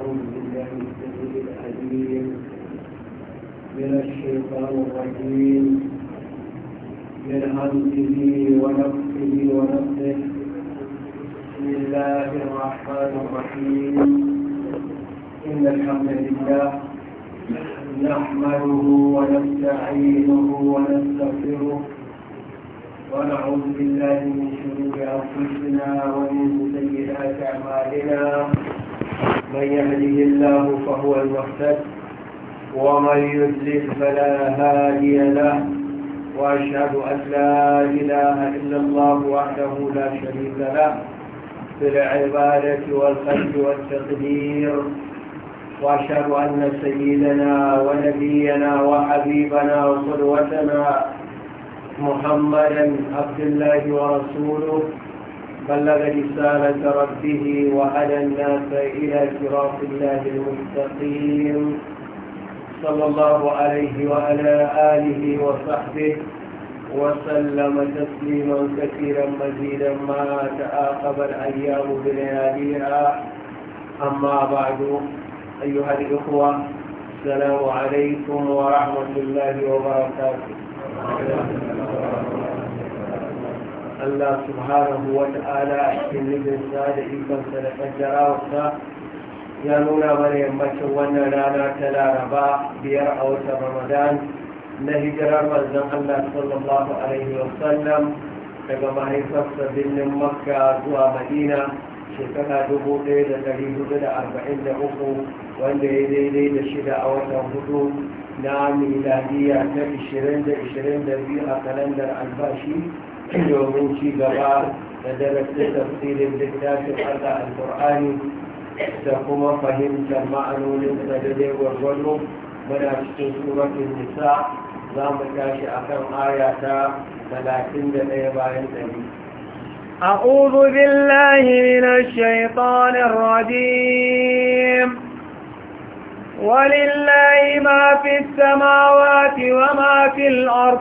أعوذ بالله السميع العليم من الشيطان الرجيم من همزه ونفسه ونفسه بسم الله الرحمن الرحيم إن الحمد لله نحمده ونستعينه ونستغفره ونعوذ بالله من شرور أنفسنا ومن سيئات أعمالنا من يهده الله فهو المهتد ومن يذلل فلا هادي له وأشهد أن لا إله إلا الله وحده لا شريك له في العبادة والخلق والتقدير وأشهد أن سيدنا ونبينا وحبيبنا وقدوتنا محمدا عبد الله ورسوله بلغ رسالة ربه وهدى الناس إلى صراط الله المستقيم صلى الله عليه وعلى آله وصحبه وسلم تسليما كثيرا مزيدا ما تعاقب الأيام بلياليها أما بعد أيها الإخوة السلام عليكم ورحمة الله وبركاته Allah subhanahu wa ta'ala a cikin nufinsa da ikonsa da kaddarawarsa ya nuna mana yammacin wannan rana ta laraba biyar a wata ramadan na hijirar manzon Allah sallallahu alaihi wa sallam daga mahaifarsa birnin makka zuwa madina shekara dubu ɗaya da ɗari hudu da arba'in da uku wanda ya daidai da shida a watan hudu na miladiya ta 20 da da biyu a kalandar albashi domin ci gaba da darasin tafsirin littafin Allah al da kuma fahimtar ma'anonin da daidai gwargwado muna cikin suratun nisa za mu tashi akan aya ta ɗaya bayan 100 أعوذ بالله من الشيطان الرجيم ولله ما في السماوات وما في الأرض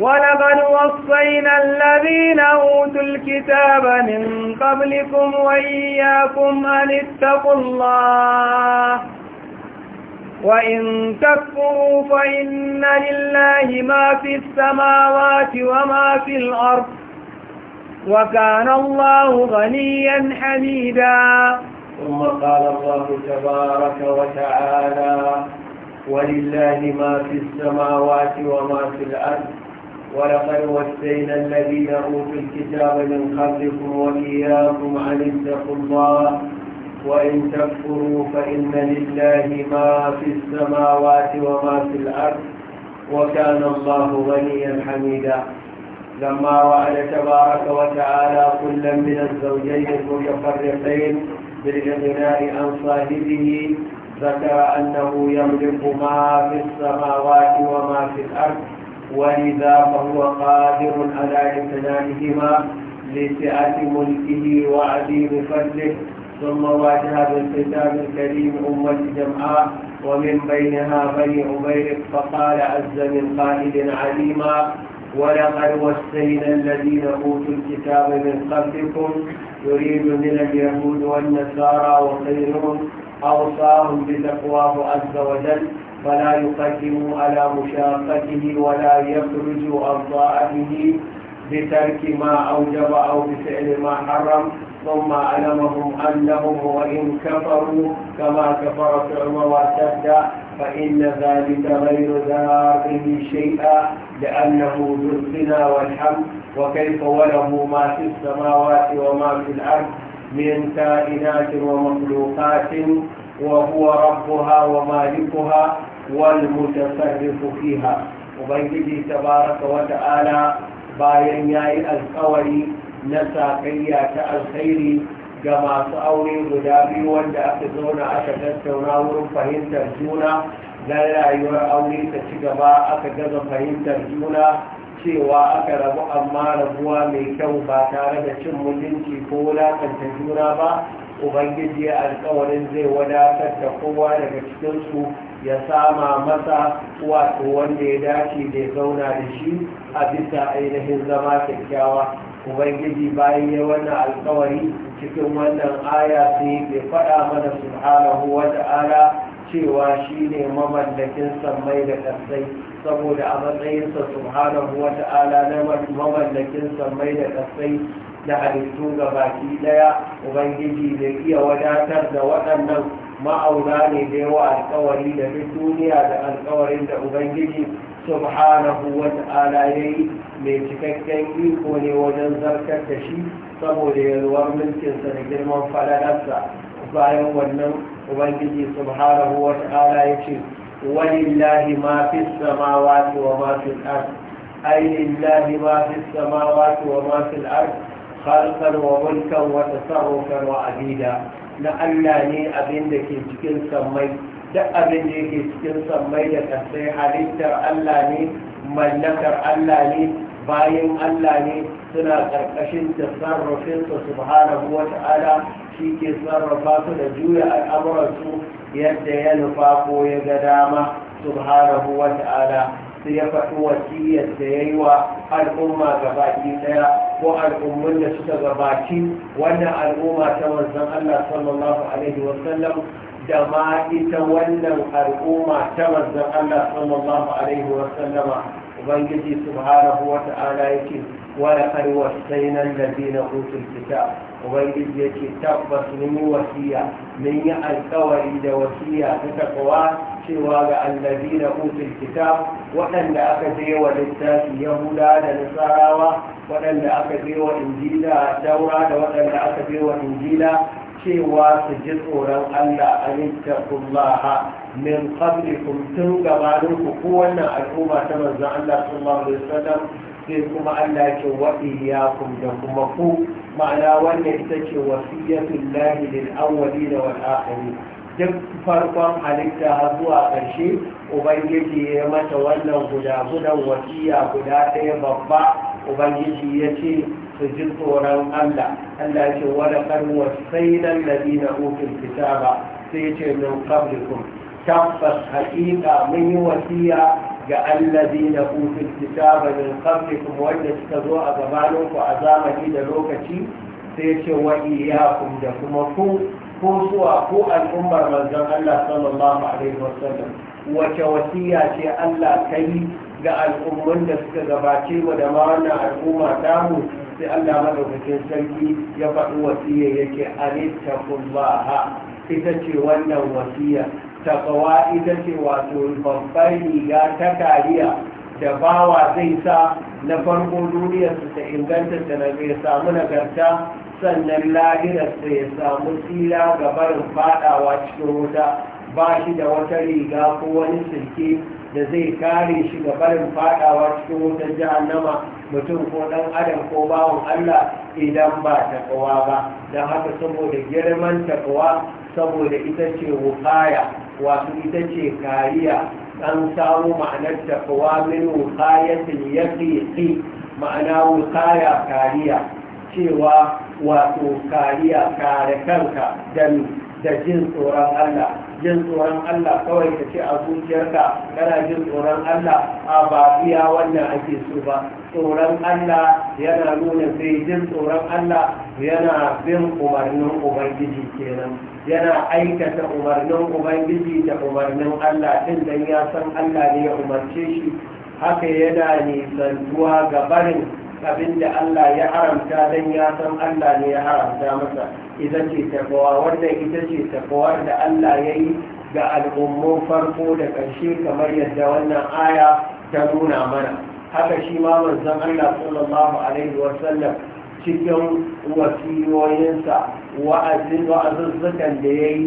ولقد وصينا الذين أوتوا الكتاب من قبلكم وإياكم أن اتقوا الله وإن تكفروا فإن لله ما في السماوات وما في الأرض وكان الله غنيا حميدا ثم قال الله تبارك وتعالى ولله ما في السماوات وما في الأرض ولقد وسينا الذين أوتوا الكتاب من قبلكم وإياكم أن اتقوا الله وإن تكفروا فإن لله ما في السماوات وما في الأرض وكان الله غنيا حميدا لما وعد تبارك وتعالى كلا من الزوجين المتفرقين بالإغناء عن صاحبه ذكر أنه يملك ما في السماوات وما في الأرض ولذا فهو قادر على امتلاكهما لسعة ملكه وعظيم فضله ثم واجه بالكتاب الكريم أمة جمعاء ومن بينها بني عمير فقال عز من قائد عليما ولقد وسينا الذين اوتوا الكتاب من قبلكم يريد من اليهود والنصارى وغيرهم اوصاهم بتقواه عز وجل فلا يقدم على مشاقته ولا يخرج عن طاعته بترك ما أوجب أو بفعل ما حرم ثم علمهم أنهم وإن كفروا كما كفر عمر وارتد فإن ذلك غير ذاقه شيئا لأنه ذو الغنى والحمد وكيف وله ما في السماوات وما في الأرض من كائنات ومخلوقات وهو ربها ومالكها Ubangiji, ta وبنجي wata وتعالى bayan ya yi na saƙayya ta alkhairi ga masu aure guda biyu wanda aka zauna aka tattauna wurin fahimtar juna na rayuwar aure ta ci gaba aka gaza fahimtar juna cewa aka rabu amma rabuwa mai kyau ba tare da cin mutunci ko wulakanta juna ba ubangiji ya alkawarin zai wadatar da kowa daga cikinsu ya sama masa wato wanda ya dace da ya zauna da shi a bisa ainihin zama kyakkyawa ubangiji bayan ya wannan alkawari cikin wannan aya sai bai faɗa mana subhanahu wa ta'ala cewa shi ne mamallakin sammai da ƙasai saboda a matsayinsa subhanahu wa ta'ala na mamallakin sammai da ƙasai da halittu ga baki daya ubangiji mai iya wadatar da waɗannan ma'auna ne da yawa alkawari da duk duniya da alkawarin da ubangiji subhanahu wa ta'ala yayi mai cikakken iko ne wajen zartar da shi saboda yalwar mulkinsa da girman falalarsa bayan wannan ubangiji subhanahu wa ta'ala ya ce walillahi ma fi samawati wa ma fi al-ard ay lillahi ma fi samawati wa ma fi al-ard خالقا وملكا وتصرفا وعبيدا نألا ني أبين دكي تكين سمي abin da yake cikin sammai da kasai halittar Allah ne mallakar Allah ne bayan Allah ne suna ƙarƙashin tasarrufinsa subhanahu wa ta'ala shi ke sarrafa su da juya al'amuransu yadda ya nufa ko ya ga dama subhanahu wa ta'ala sai ya faɗi wasiyar da ya yi wa al'umma gabaki ɗaya ko al'ummun da suka gabaci wannan al'umma ta manzon Allah sallallahu alaihi wasallam da ma ita wannan al'umma ta manzon Allah sallallahu alaihi wasallama ubangiji subhanahu wa ta'ala yake ولقد وصينا الذين اوتوا الكتاب ubangiji ya ce tabbas mun yi wasiya mun yi alkawari da wasiya ta takwa cewa ga allazi da utul kitab waɗanda aka je wa littafi yahuda da nasarawa waɗanda aka je wa injila daura da waɗanda aka je wa injila cewa su ji tsoron allah a littafullaha min qablikum tun gabanin ku al'umma ta manzon allah sallallahu alaihi wasallam sai kuma Allah ce wa ya da kuma ku ma'ana wanda ita ce wasiyatul lahi lil da wal akhirin duk farkon halitta har zuwa ƙarshe ubangiji ya mata wannan guda gudan wasiya guda ɗaya babba ubangiji ya ce su ji tsoron Allah Allah ce wala kan wasainan ladina utul kitaba sai ce min qablikum tabbas haƙiƙa mun yi wasiya ga allazina kufin kitaba min qablikum wanda suka zo a gabaninku a zamani da lokaci sai ce wa iyyakum da kuma ku ko suwa ko al'ummar manzon Allah sallallahu alaihi wasallam wace wasiya ce Allah yi ga al'ummar da suka gabace mu da ma wannan al'umma tamu sai Allah madaukakin sarki ya faɗi wasiya yake anittaqullaha ita ce wannan wasiya taqwa ita ce wato babbar riga ta kariya da bawa zai sa na farko duniya su ta inganta da na ya samu nagarta sannan lahirarsa ya samu tsira ga barin fadawa cikin wuta ba shi da wata riga ko wani sirke da zai kare shi ga barin fadawa cikin wutar nama mutum ko dan adam ko bawon Allah idan ba takawa ba don haka saboda girman takawa saboda ita ce wukaya wato ita ce kariya an samu ma'anar taqwa min wuqayatil fi ma'ana wukaya kariya cewa wato kariya kare kanka da da jin tsoron Allah jin tsoron Allah kawai ka ce a zuciyarka kana jin tsoron Allah a ba iya wannan ake so ba tsoron Allah yana nuna sai jin tsoron Allah yana bin umarnin ubangiji kenan yana aikata umarnin ubangiji da umarnin allah ɗin don ya san allah ne ya umarce shi haka yana nisantuwa ga barin abin da allah ya haramta don ya san allah ne ya haramta masa ita ce tafawa Wannan ita ce tafawar da allah ya yi ga al'ummun farko da ƙarshe kamar yadda wannan aya ta nuna mana haka shi ma manzon allah sallallahu alaihi wasallam cikin wasiyoyinsa wa'azin wa'azuzzukan da ya yi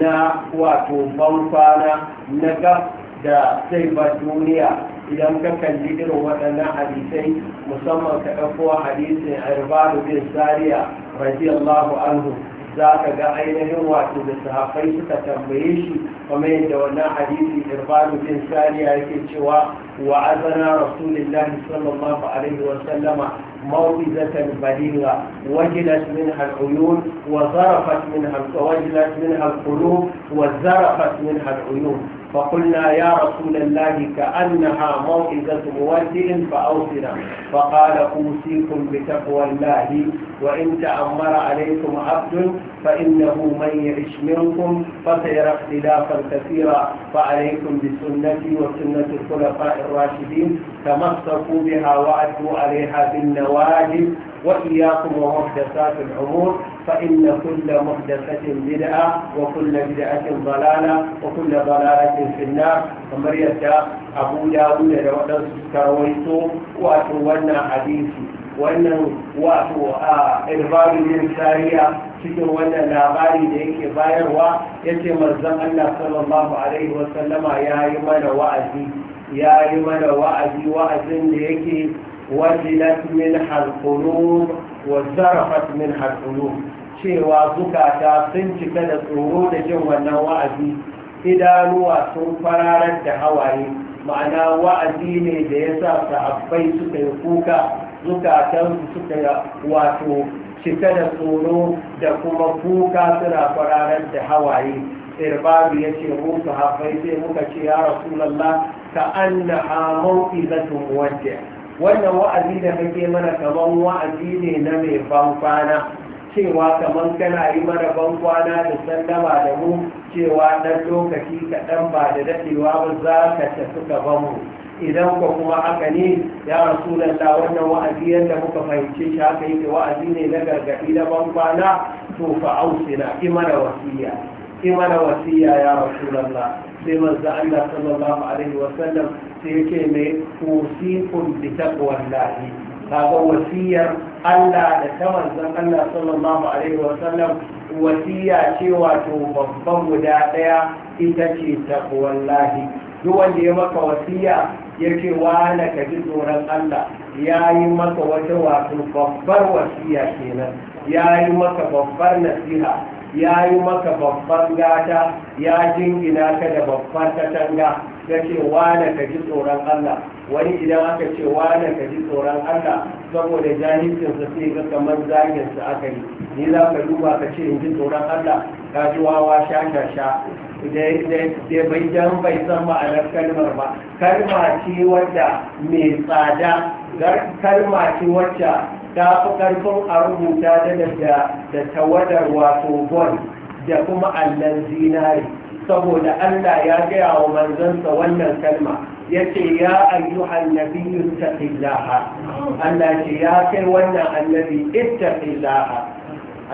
na wato bankwana na gaf da zai ba duniya idan ka kalli irin waɗannan hadisai musamman ka ɗauko hadisin arba'u bin sariya radiyallahu anhu za ka ga ainihin wato da sahafai suka tambaye shi kuma yadda wannan hadisi irbanu bin sariya yake cewa wa azana rasulillahi sallallahu alaihi wa sallama موعظة بليغة وجلت منها العيون وزرفت منها وجلت منها القلوب وزرفت منها العيون فقلنا يا رسول الله كأنها موعظة مودع فأوصنا فقال أوصيكم بتقوى الله وإن تأمر عليكم عبد فإنه من يعش منكم فسيرى اختلافا كثيرا فعليكم بسنتي وسنة الخلفاء الراشدين تمسكوا بها وأتوا عليها بالنواجذ وإياكم ومحدثات الأمور فإن كل محدثة بدعة وكل بدعة ضلالة وكل ضلالة في النار ومريتا أبو داود لوحدة كرويتو وأتولى حديثي wannan wato a irbabin yin kariya cikin wannan labari da yake bayarwa ya ce manzan Allah sallallahu Alaihi wasallama ya yi mana wa'azi ya yi mana wa'azi wa'azin da yake wajilat min halqulub wa min cewa zukata sun cika da tsoro da jin wannan wa'azi idanuwa sun fararar da hawaye ma'ana wa'azi ne da ya sa sahabbai suka yi kuka zukatansu suka wato cika da tsoro da kuma kuka suna fararar da hawaye irbabi ya ce mu sahabbai sai muka ce ya rasulallah ka annaha mau'izatun muwaddi' wannan wa'azi da kake mana kaman wa'azi ne na mai bankwana cewa kaman kana yi mana bankwana da sallama da mu cewa ɗan lokaci kaɗan ba da daɗewa ba za ka tafi gaban mu idan ka kuma haka ne ya rasu lalla, wannan wa'azi yadda muka fahimce shi haka yake wa'azi ne na gargaɗi na bankwana to fa ausina imana wasiya imana wasiya ya rasu da sai manzo Allah sallallahu alaihi wasallam sai yake mai usikum bi taqwallahi kaga wasiyar Allah da ta manzon Allah sallallahu alaihi wasallam wasiya ce wato babban guda daya ita ce taqwallahi duk wanda ya maka wasiya yake wala ka ji tsoron Allah ya yi maka wata wato babbar wasiya kenan ya yi maka babbar nasiha ya yi maka babban gata ya jingina ka da babban katanga ya ce wane ka ji tsoron Allah wani idan aka ce wane ka ji tsoron Allah saboda su sai ga kamar zaginsa aka yi ni za ka duba ka ce in ji tsoron Allah ka ji wawa sha sha sha da bai jan bai san ma'anar kalmar ba kalma ce wadda mai tsada kalma ce wacce ta fi ƙarfin a rubuta da da tawadar wato bon da kuma allon zinari saboda Allah ya gaya wa manzansa wannan kalma ya ce ya ayyuhan nabiyyun taqillaha Allah ce ya kai wannan annabi ittaqillaha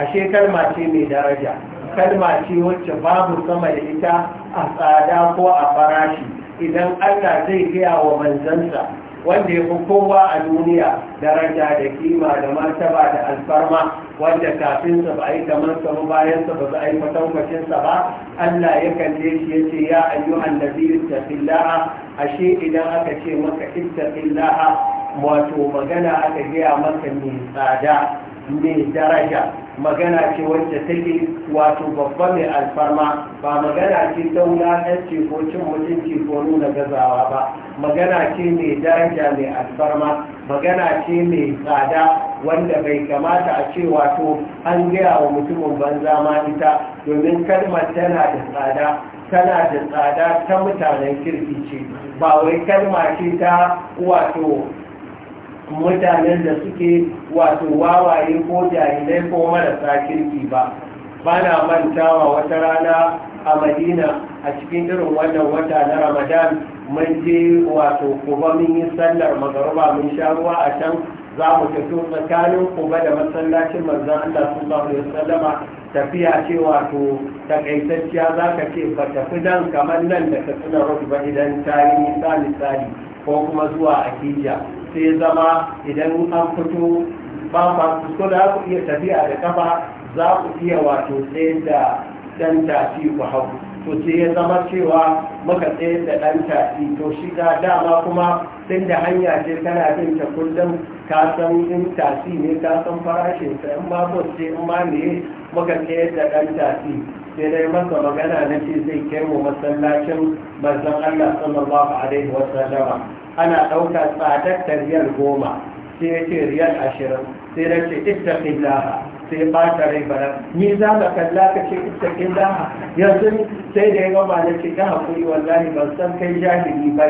ashe kalma ce mai daraja kalma ce wacce babu sama da ita a tsada ko a farashi idan Allah zai gaya wa manzansa wanda ya fi kowa a duniya daraja da kima da martaba da alfarma wanda kafin sa ba a yi kamar sa ba bayan sa ba za a yi kwatankwacin sa ba Allah ya kalle shi ya ce ya ayyuhan nabi ittaqillaha ashe idan aka ce maka ittaqillaha wato magana aka gaya maka mai tsada ne daraja magana ce wacce take wato babba mai alfarma ba magana ce ta wulaƙanci ko cin mutunci ko nuna gazawa ba magana ce mai daraja mai alfarma magana ce mai tsada wanda bai kamata a ce wato an gaya wa mutumin banza ma ita domin kalmar tana da tsada tana da tsada ta mutanen kirki ce ba wai kalma ce ta wato mutanen da suke wato wawaye ko jahilai ko marasa kirki ba ba na mantawa wata rana a madina a cikin irin wannan wata na ramadan mun je wato kuba mun yi sallar magaruba mun sha ruwa a can za mu tafi tsakanin kuba da masallacin manzan allah sallallahu alaihi sallama tafiya ce wato takaitacciya za ka ce ba tafi dan kamar nan da ka tuna rufu ba idan ta yi misali misali ko kuma zuwa akija sai zama idan an fito ba ba so da ku iya tafiya da kafa za ku iya wato tsayin da dan tafi ku hau to sai ya zama cewa muka tsayin da dan tafi to shi ga dama kuma tun da hanya ce kana bin ta kullum ka san in tafi ne ka san farashin sa in ba sai in ma ne muka ce da ɗan tafi sai dai masa magana na ce zai kai mu masallacin manzon Allah sallallahu alaihi wa ana ɗauka tsadar ta riyal goma sai ya ce riyal ashirin sai na ce ittaqillaha sai ta rai bara ni za ka kalla ka ce ita ke dama yanzu sai da ya gama da ce ka haƙuri wallahi ban san kai jahili ba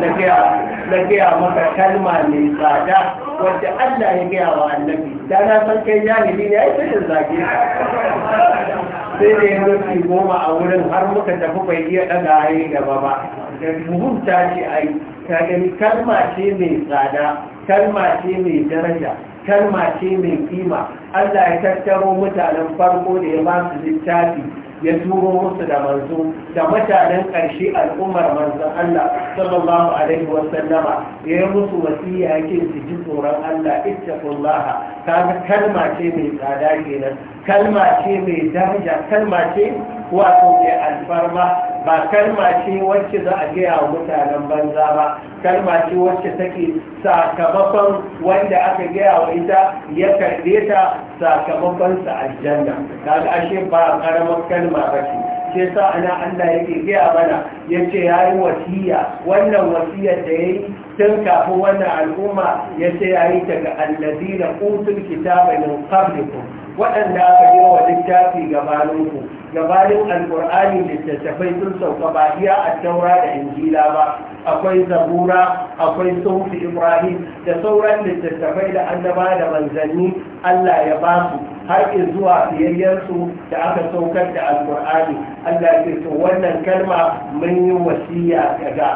na gaya maka kalma mai tsada wacce Allah ya gaya wa annabi da na san kai jahili ne ya yi sai zage sai da ya rufi goma a wurin har muka tafi bai iya ɗaga haye gaba ba da muhimta ce a yi ka gani kalma ce mai tsada kalma ce mai daraja kalma ce mai kima Allah ya tattaro mutanen farko da ya ba su littafi ya turo musu da manzo da mutanen ƙarshe al'ummar manzon Allah sallallahu alaihi wa sallama ya yi musu wasiya yake su ji tsoron Allah ittaqullaha kaga kalma ce mai tsada kenan kalma ce mai daraja kalma ce wato mai alfarma ba kalma ce wacce za a gaya wa mutanen banza ba kalma ce wacce take sakamakon wanda aka gaya wa ita ya karbe ta sakamakon sa aljanna kaga ashe ba karamar kalma ba ce shi yasa ana Allah yake gaya mana yace yayi wasiya wannan wasiyar da yayi tun kafin wannan al'umma yace yayi ta ga allazina utul kitaba min qablikum waɗanda aka yi wa littafi gabaninku gabanin alkur'ani littattafai sun sauka ba iya a taura da injila ba akwai zabura akwai sufi ibrahim da sauran littattafai da annaba da manzanni allah ya ba su har zuwa siyayyarsu da aka saukar da alkur'ani allah ce to wannan kalma mun yi wasiya kaga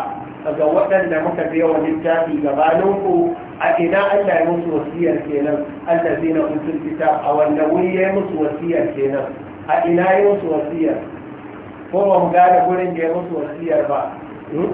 ga waɗanda muka biya littafi ku? a ina allah ya musu wasiyar kenan allah zai na mutum kitab a wanda wuri ya musu wasiyar kenan a ina ya musu wasiyar ko ba mu gane gurin da ya musu wasiyar ba hmm?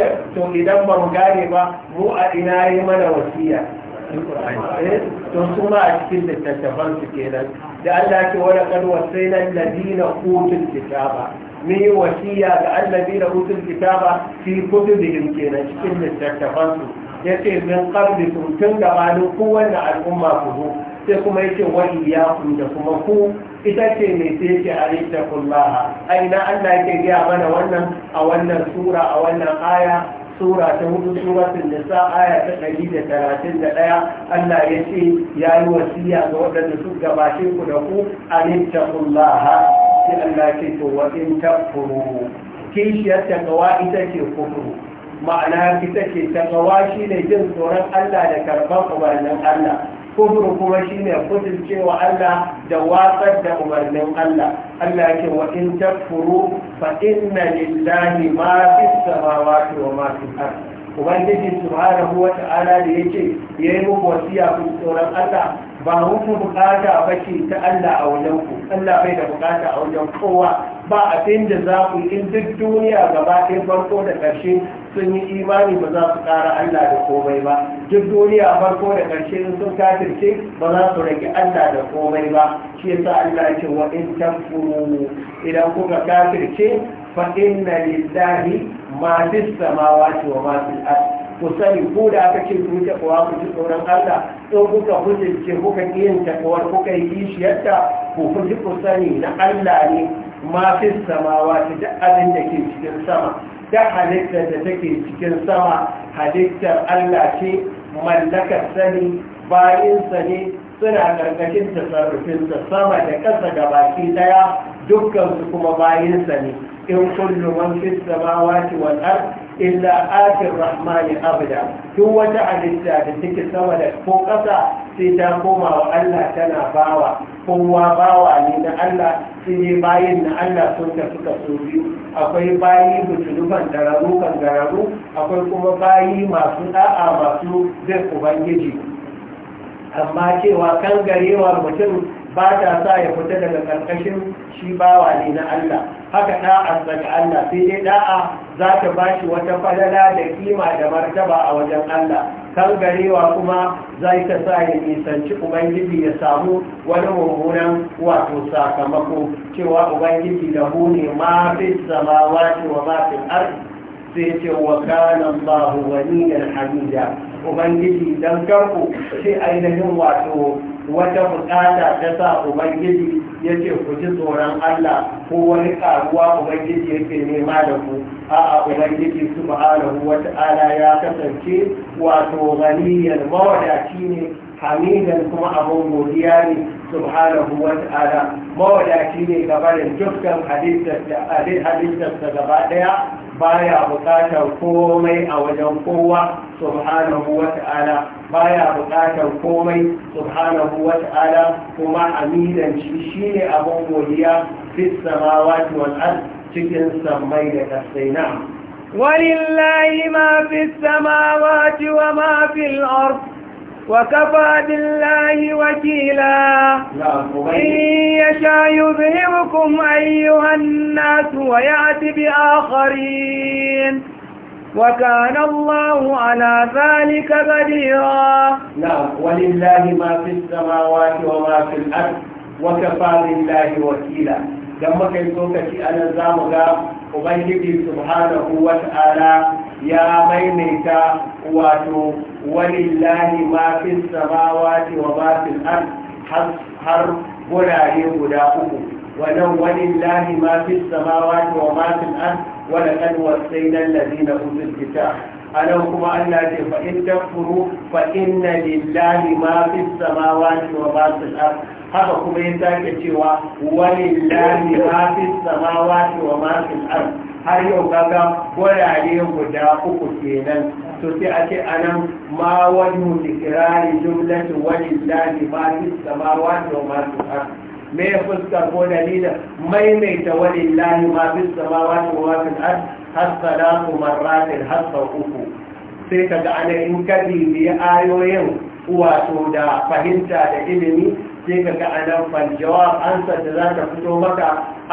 eh, to idan ba mu gane ba mu a ina ya mana wasiyar don eh, suna a cikin littattafan su kenan da Allah ke wani kalwa sai na ladina hutun kitaba min yi wasiya ga allazina hutun kitaba fi kutubihim kenan cikin littattafan su yace min qablikum tun gabanin kowanne al'umma ku zo sai kuma yake wa iyyakum da kuma ku ita ce mai sai yake alaikum a ina Allah ke gaya mana wannan a wannan sura a wannan aya sura ta hudu suratul nisa aya ta ɗari da talatin da ɗaya Allah ya ce ya yi wasiya ga waɗanda su gabace ku da ku an taqullaha sai Allah ce to wa in takfuru kishiyar takawa ita ce kufuru ma'ana ita ce takawa shine jin tsoron Allah da karɓar umarnin Allah kufru kuma shine kudin cewa Allah da watsar da umarnin Allah Allah ke wa in takfuru fa inna lillahi ma fis samawati wa ma fil su ubangiji subhanahu wa ta'ala da yake yayi muku wasiya ku tsoron Allah ba muku bukata ba ce ta Allah a wajen ku Allah bai da bukata a wajen kowa ba abin da za ku in duk duniya gaba ɗaya farko da ƙarshe sun yi imani ba za su ƙara Allah da komai ba duk duniya farko da ƙarshe sun kafirce ba za su rage Allah da komai ba shi yasa Allah ya ce wa in tanfuru idan kuka kafirce fa inna lillahi ma fi samawati wa ma al ard ku sani ko da aka ce ku ta kuwa ku ji tsoron Allah in kuka hujjace kuka yin takawar kuka yi kishiyarta ku ji ku sani na Allah ne ma fi samawati duk abin da ke cikin sama da halittar da take cikin sama halittar Allah ce mallakar sani bayinsa ne suna ƙarƙashin tasarrufinsa sama da ƙasa ga baki ɗaya dukkansu kuma bayinsa ne in kullum wani fi samawa ci wal illa atir rahmani abda duk wata halitta da take sama da ko ƙasa sai ta koma wa Allah tana bawa kowa bawa ne na Allah sai ne bayin na Allah sun da suka so biyu akwai bayi butulufan dararu kan akwai kuma bayi masu da'a masu bin ubangiji amma cewa kan garewar mutum ba ta sa ya fita daga karkashin shi bawa ne na Allah haka da'a daga Allah sai dai da'a za ta ba shi wata falala da kima da martaba a wajen Allah kan garewa kuma zai ta sa ya nisanci ubangiji ya samu wani mummunan wato sakamako cewa ubangiji da hune ma fi samawati wa mafi fi sai ce wa kanan bahu wani da ubangiji don karku sai ainihin wato wata bukata ta sa ubangiji ya ce ku ji tsoron Allah ko wani karuwa ubangiji yake nema da ku a'a ubangiji subhanahu wata ala ya kasance wato ganiyar mawadaci ne hamidan kuma abun godiya ne subhanahu wa ta'ala mawadaci ne gaba da dukkan halittarsa gaba daya baya bukatar komai a wajen kowa subhanahu wata'ala baya bukatar komai subhanahu wata'ala kuma amidanci shine abun godiya fi samawati wal ard cikin sammai da kasai na'am ولله ما في السماوات وما في الأرض وكفى بالله وكيلا إن يشاء يذهبكم أيها الناس ويأتي بآخرين وكان الله على ذلك قديرا نعم ولله ما في السماوات وما في الأرض وكفى بالله وكيلا لما كنت أنا زامغا أبنجي سبحانه وتعالى ya maimaita wato walillahi ma fi samawati wa ma fi har gurare guda uku wannan walillahi ma fi samawati wa ma fi al wa laqad wasayna alladhina utul kitab anan kuma Allah ce fa ta furu fa na lillahi ma fi samawati wa ma fi haka kuma ya sake cewa walillahi ma fi samawati wa ma fi har yau kaga gwarare guda uku kenan to sai a ce anan ma wani tikirari jumlatu wani lillahi ma fi samawati wa ma masu ardh me ya fuska ko dalilin maimaita wani lillahi ma fi samawati wa ma fi ardh har salatu marratin har sau uku sai kaga anan in kadi biya ayoyin wato da fahimta da ilimi sai ka ga anan faljawar ansa da za ta fito maka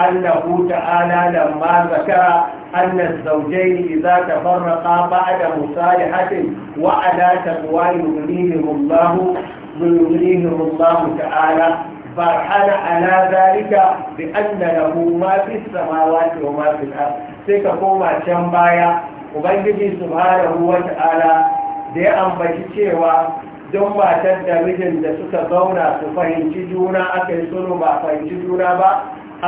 annahu ta'ala lamma zakara anna zawjayn idza tafarraqa ba'da musalihatin wa ala taqwa yughnihim Allah yughnihim Allah ta'ala فرحان على ذلك بأن له ما في السماوات وما في الأرض سيكفوما شمبايا وبنجي سبحانه وتعالى دي أنبتي cewa don matar da mijin da suka zauna su fahimci juna aka yi sulhu ba fahimci juna ba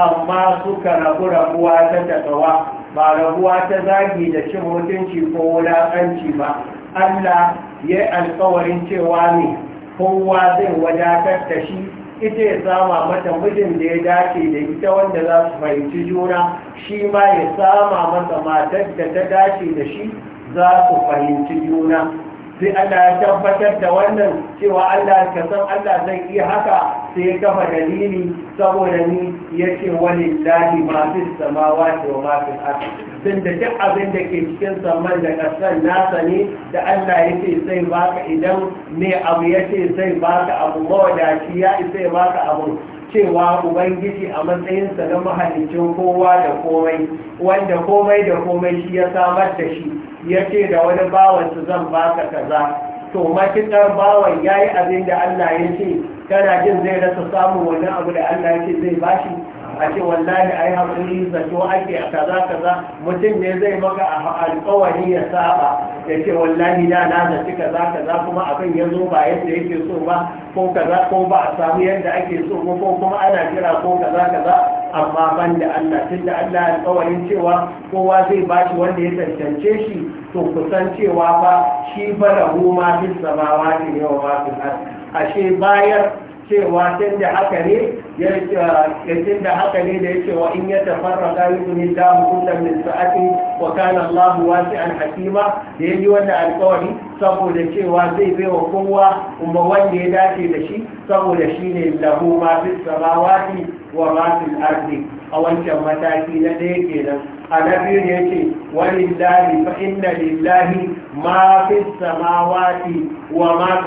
amma suka rabu rabuwa ta tasawa ba rabuwa ta zagi da cin mutunci ko wulaƙanci ba allah ya yi alkawarin cewa ne kowa zai wadatar da shi ita ya sama mata mijin da ya dace da ita wanda za su fahimci juna shi ma ya sama mata matar da ta dace da shi za su fahimci juna sai Allah ya tabbatar da wannan cewa Allah ka san Allah zai iya haka sai ya kafa dalili saboda ni ya ce wani lahi masu wa ce wa aka da duk abin da ke cikin saman da ƙasar nasa ne da Allah ya ce zai baka idan ne abu ya ce zai baka abu mawadaci ya isa ya baka abu cewa ubangiji a matsayinsa na mahalicin kowa da komai wanda komai da komai shi ya samar da shi ya da wani bawansu zan baka kaza to ɗan bawan ya yi abin da Allah ya ce kana jin zai rasa samun wannan abu da Allah ya ce zai bashi a ce wallahi a yi haƙuri zato ake a kaza kaza mutum ne zai maka a alƙawari ya saba ya ce wallahi na na zaci kaza kaza kuma abin ya zo ba yadda yake so ba ko kaza ko ba a samu yadda ake so ba ko kuma ana kira ko kaza kaza amma ban da Allah tunda Allah alƙawarin cewa kowa zai bashi wanda ya tantance shi to kusan cewa ba shi barahu ma fi samawa ne yau ma fi ashe bayar cewa tun da haka ne da haka ne da ya ce wa in ya tafarra kayu ne da hukunan min sa'ati wa kana Allahu wasi'an hakima da yayi wanda alƙawari saboda cewa zai bai wa kowa kuma wanda ya dace da shi saboda shine lahu ma fis samawati wa ma fil ardi a wancan mataki na ɗaya kenan a na biyu ne ce walillahi fa inna lillahi ma fi samawati wa ma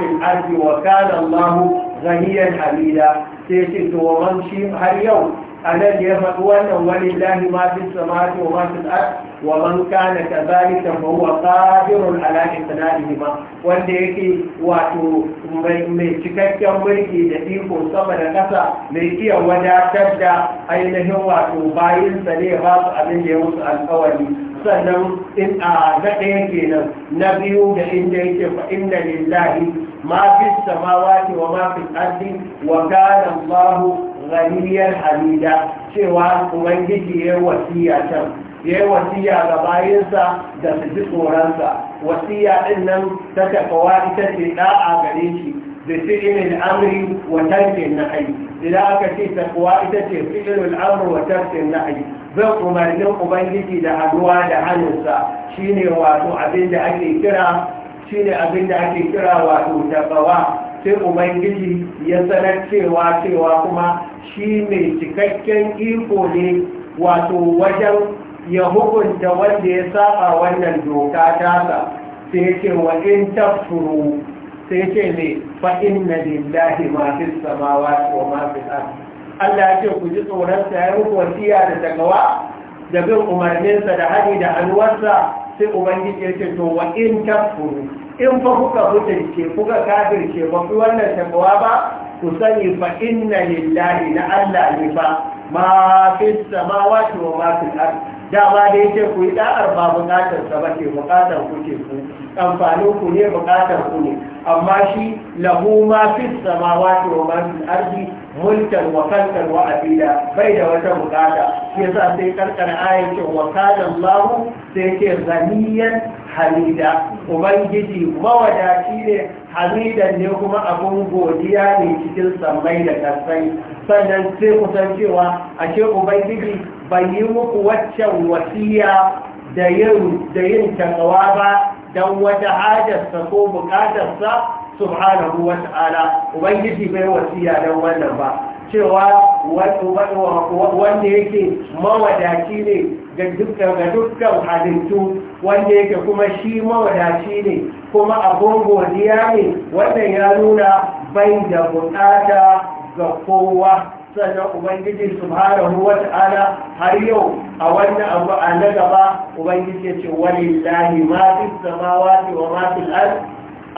fi wa kana Allahu ghaniyan hamida sai ce to man shi har yau anan ya faɗi wannan walillahi ma fi samawati wa ma fi al-ard wa man kana kadhalika fa huwa qadirun ala itna'ihi ma wanda yake wato mai cikakken mulki da iko sama da kasa mai iya wadatar da ainihin wato bayinsa ne ba su abin da ya musu alƙawari sannan in a na ɗaya kenan na biyu da inda yake fa inna lillahi ma fi samawati wa ma fi al wa kana Allahu ganiyar hamida cewa ubangiji ya yi wasiya can ya yi wasiya ga bayansa da su ji tsoronsa wasiya ɗin nan ta tafawa ita ce ɗa'a gare shi da fi'ilin amri wa tarkin nahi idan aka ce takwa ita ce fi'ilin amri wa tarkin nahi zan umarnin ubangiji da hannuwa da hannunsa shine wato abin da ake kira shine abin da ake kira wato tafawa sai ubangiji ya sanar cewa cewa kuma shi mai cikakken iko ne wato wajen ya hukunta wanda ya saba wannan doka tasa sai ya ce wa in tafuru sai ce ne fa inna lillahi ma fi samawati wa ma fi Allah ya ce ku ji tsoron sa ya muku wasiya da takawa da bin umarninsa da hadi da alwarsa sai ubangiji ya ce to wa in tafuru in fa kuka ke kuka kafirce ba ku wannan takawa ba ku sani fa inna lillahi na Allah ne fa ma fi samawati wa ma fi al dama dai ce ku yi da'ar ba bukatar sa ke bukatar ku ke ku amfanin ku ne bukatar ku ne amma shi lahu ma fi samawati wa ma fi al mulkan wa kalkan wa abida bai da wata bukata shi yasa sai karkar ayan ce wa lahu sai ke zaniyan hamida ubangiji mawadaci ne hamidan ne kuma abun godiya ne cikin sammai da kasai sannan sai kusan cewa ashe ubangiji bai yi muku waccan wasiya da yin da yin ba don wata hajarsa ko bukatarsa subhanahu wa ta'ala ubangiji bai wasiya dan wannan ba cewa wanda yake mawadaci ne ga dukkan halittu wanda yake kuma shi mawadaci ne kuma abun godiya ne wannan ya nuna bai da bukata ga kowa sannan ubangiji subhanahu wa ta'ala har yau a wannan abu a na gaba ubangiji ya ce walillahi ma fi samawati wa ma fil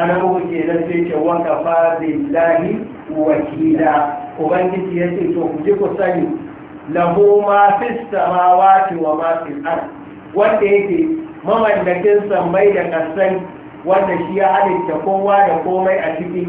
ana uku ke nan sai ce waka fa billahi wakila ubangiji ya ce to ku ji ku sani lahu ma fi samawati wa ma fi wanda yake mamallakin sammai da kasai wanda shi ya halitta kowa da komai a ciki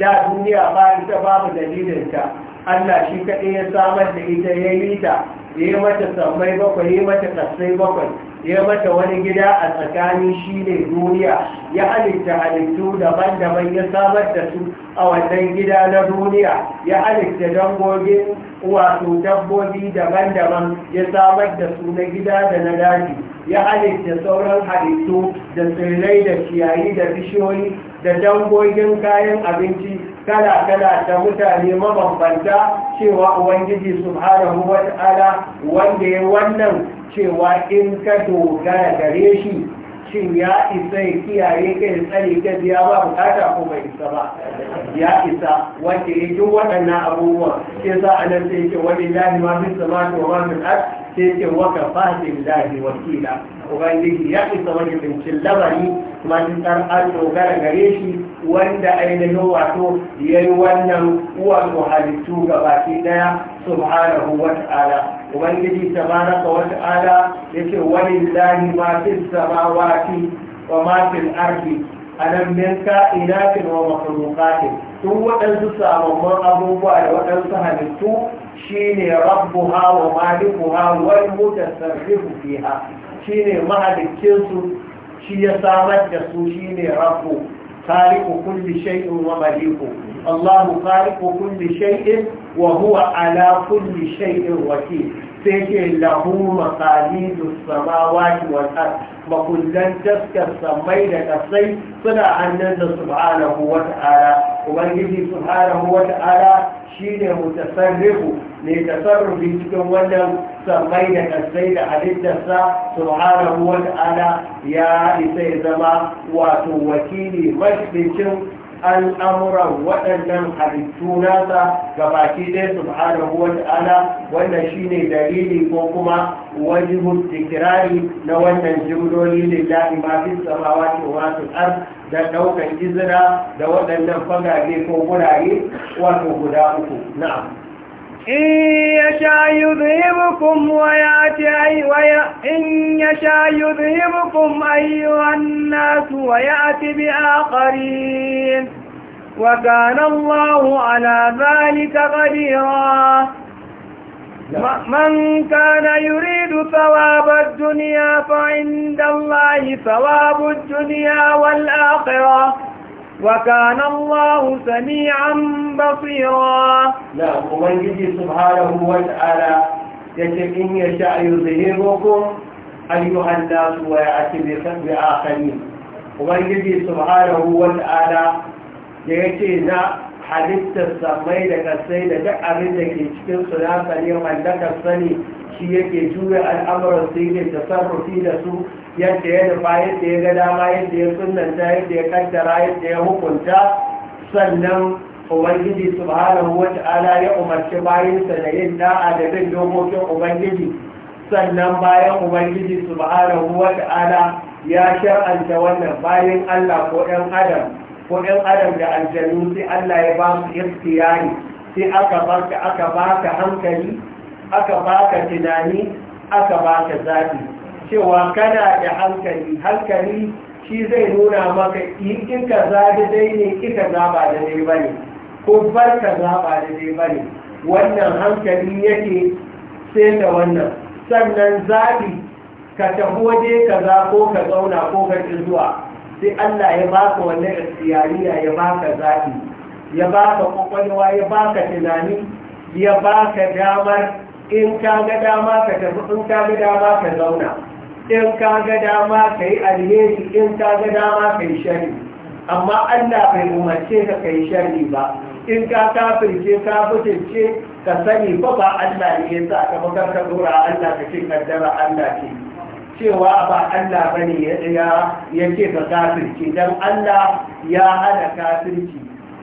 da duniya ba ita babu dalilinta Allah shi kaɗai ya samar da ita ya yi ta ya yi mata sammai bakwai ya yi mata kasai bakwai ya mata wani gida a tsakani shi ne duniya ya halitta halittu daban-daban ya samar da su a wannan gida na duniya ya halitta dangogin wato dabbobi daban-daban ya samar da su na gida da na daji ya halitta sauran halittu da tsirrai da ciyayi da bishiyoyi da dangogin kayan abinci kala-kala da mutane mabambanta cewa ubangiji subhanahu wa ta'ala wanda ya wannan cewa in ka dogara gare shi shin ya isa ya kiyaye ka ya tsari ka biya ba bukata ko bai isa ba ya isa wanda ya ji waɗannan abubuwan ke za a nan sai ke wani lahi ma fi sama ko wa fi ar sai ke waka fasin lahi wakila ubangiji ya isa wani bincin labari matuƙar an dogara gare shi wanda ainihin wato ya yi wannan wato halittu gabaki ɗaya subhanahu wa ta'ala ubangiji tabaraka wa ta'ala yace walillahi ma fis samawati wa mafin fil a nan min ka'inatin wa makhluqatin duk waɗansu sababbin abubuwa da waɗansu halittu shine rabbuha wa malikuha wal mutasarrifu fiha shine mahaliccin su shi ya samar da su shine rabbu خالق كل شيء ومليكه الله خالق كل شيء وهو على كل شيء وكيل sai ke lahu maqalidu samawati wal ard makullan taskar samai da kasai suna hannun da subhanahu wa ta'ala ubangiji subhanahu wa ta'ala shine mutasarrifu ne tasarrufi cikin wannan samai da kasai da halittarsa subhanahu wa ta'ala ya isa ya zama wato wakili mashbikin al'amuran waɗannan halittu nasa ga baki ɗaya subhanahu wa ta'ala wannan shine dalili ko kuma hutu kirari na wannan jimloli lillahi ma fi ke wasu da ɗaukar izina da waɗannan fagage ko gurare wato guda uku na'am إن يشاء يذهبكم ويأتي إن يشاء يذهبكم أيها الناس ويأتي بآخرين وكان الله على ذلك قديرا من كان يريد ثواب الدنيا فعند الله ثواب الدنيا والآخرة وكان الله سميعا بصيرا نعم ومن سبحانه وتعالى يتقين يشاء يظهركم أيها الناس ويأتي بآخرين ومن سبحانه وتعالى يتقين halittar samai da kasai da duk abin da ke cikin su na sani mallakar sani shi yake juya al'amuran su yake tasarrufi da su yadda ya nufa yadda ya ga dama yadda ya sunanta yadda ya kaddara yadda ya hukunta sannan ubangiji subhanahu wa ta'ala ya umarci bayinsa da yin da'a da bin dokokin ubangiji sannan bayan ubangiji subhanahu wa ta'ala ya shar'anta wannan bayan Allah ko ɗan adam ko ɗan adam da aljanu sai Allah ya ba su iftiyari sai aka baka aka ka hankali aka ba ka tunani aka ba ka zaɓi cewa kana da hankali hankali shi zai nuna maka in ka zaɓi dai ne kika zaɓa da dai bane ko bar ka zaɓa da dai bane wannan hankali yake sai da wannan sannan zafi ka tafi waje za ko ka zauna ko ka ƙi zuwa sai Allah ya baka wannan ikhtiyariya ya baka zaɓi ya baka kwakwalwa ya baka tunani ya baka damar in ka ga dama ka tafi in ka ga dama ka zauna in ka ga dama ka yi alheri in ka ga dama ka yi shari amma Allah bai umarce ka ka yi shari ba in ka kafirce ka fitince ka sani fa ba Allah ne ya sa ka ba ka dora Allah ka cin kaddara Allah ce cewa ba Allah ba ne ya ce ka kafirci don Allah ya hana kafirci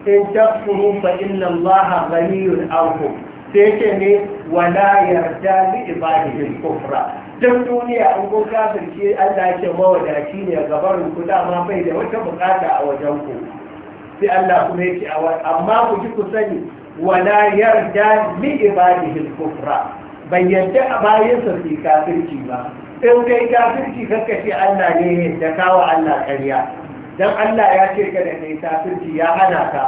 in tafkuru fa inna Allah ghaniyun ankum sai ce ne wala yarda li ibadihi kufra duk duniya an kun kafirce Allah ya ce mawadaci ne ga barin ku dama bai da wata bukata a wajen ku sai Allah kuma yake amma ku ji ku sani wala yarda li ibadihi kufra bai yarda a bayansa su kafirci ba wuta kai kafirci kakkace Allah ne da kawo Allah karya don Allah ya ce ka da kai kafirci ya hana ka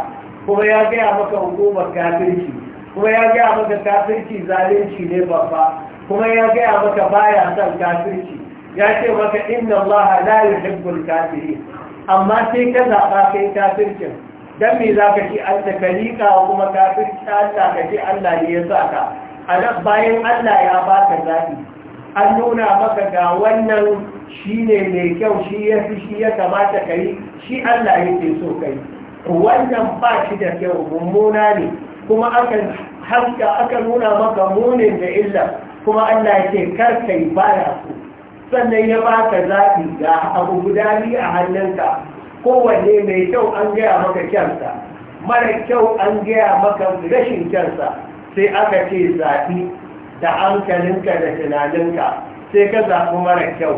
kuma ya gaya maka hukumar kafirci kuma ya gaya maka kafirci zalunci ne babba kuma ya gaya maka baya son kafirci ya ce maka inna Allah la yuhibbul kafirin amma sai ka zaba kai kafircin dan me zaka ci Allah ka rika kuma kafirci Allah ka ce Allah ne ya saka a nan bayan Allah ya baka zafi. an nuna maka ga wannan shi ne mai kyau shi ya fi shi ya kamata ka yi shi allah ya yake so ka yi wannan ba shi da kyau mummuna ne kuma akan haska aka nuna maka munin da illa kuma allah ce kar ka yi baya ku sannan ya baka zaɓi ga abu guda biyu a hannunka kowanne mai kyau an gaya maka kyansa mara kyau an gaya maka rashin kyansa sai aka ce zaɓi da hankalinka da tunaninka sai ka zaɓi mara kyau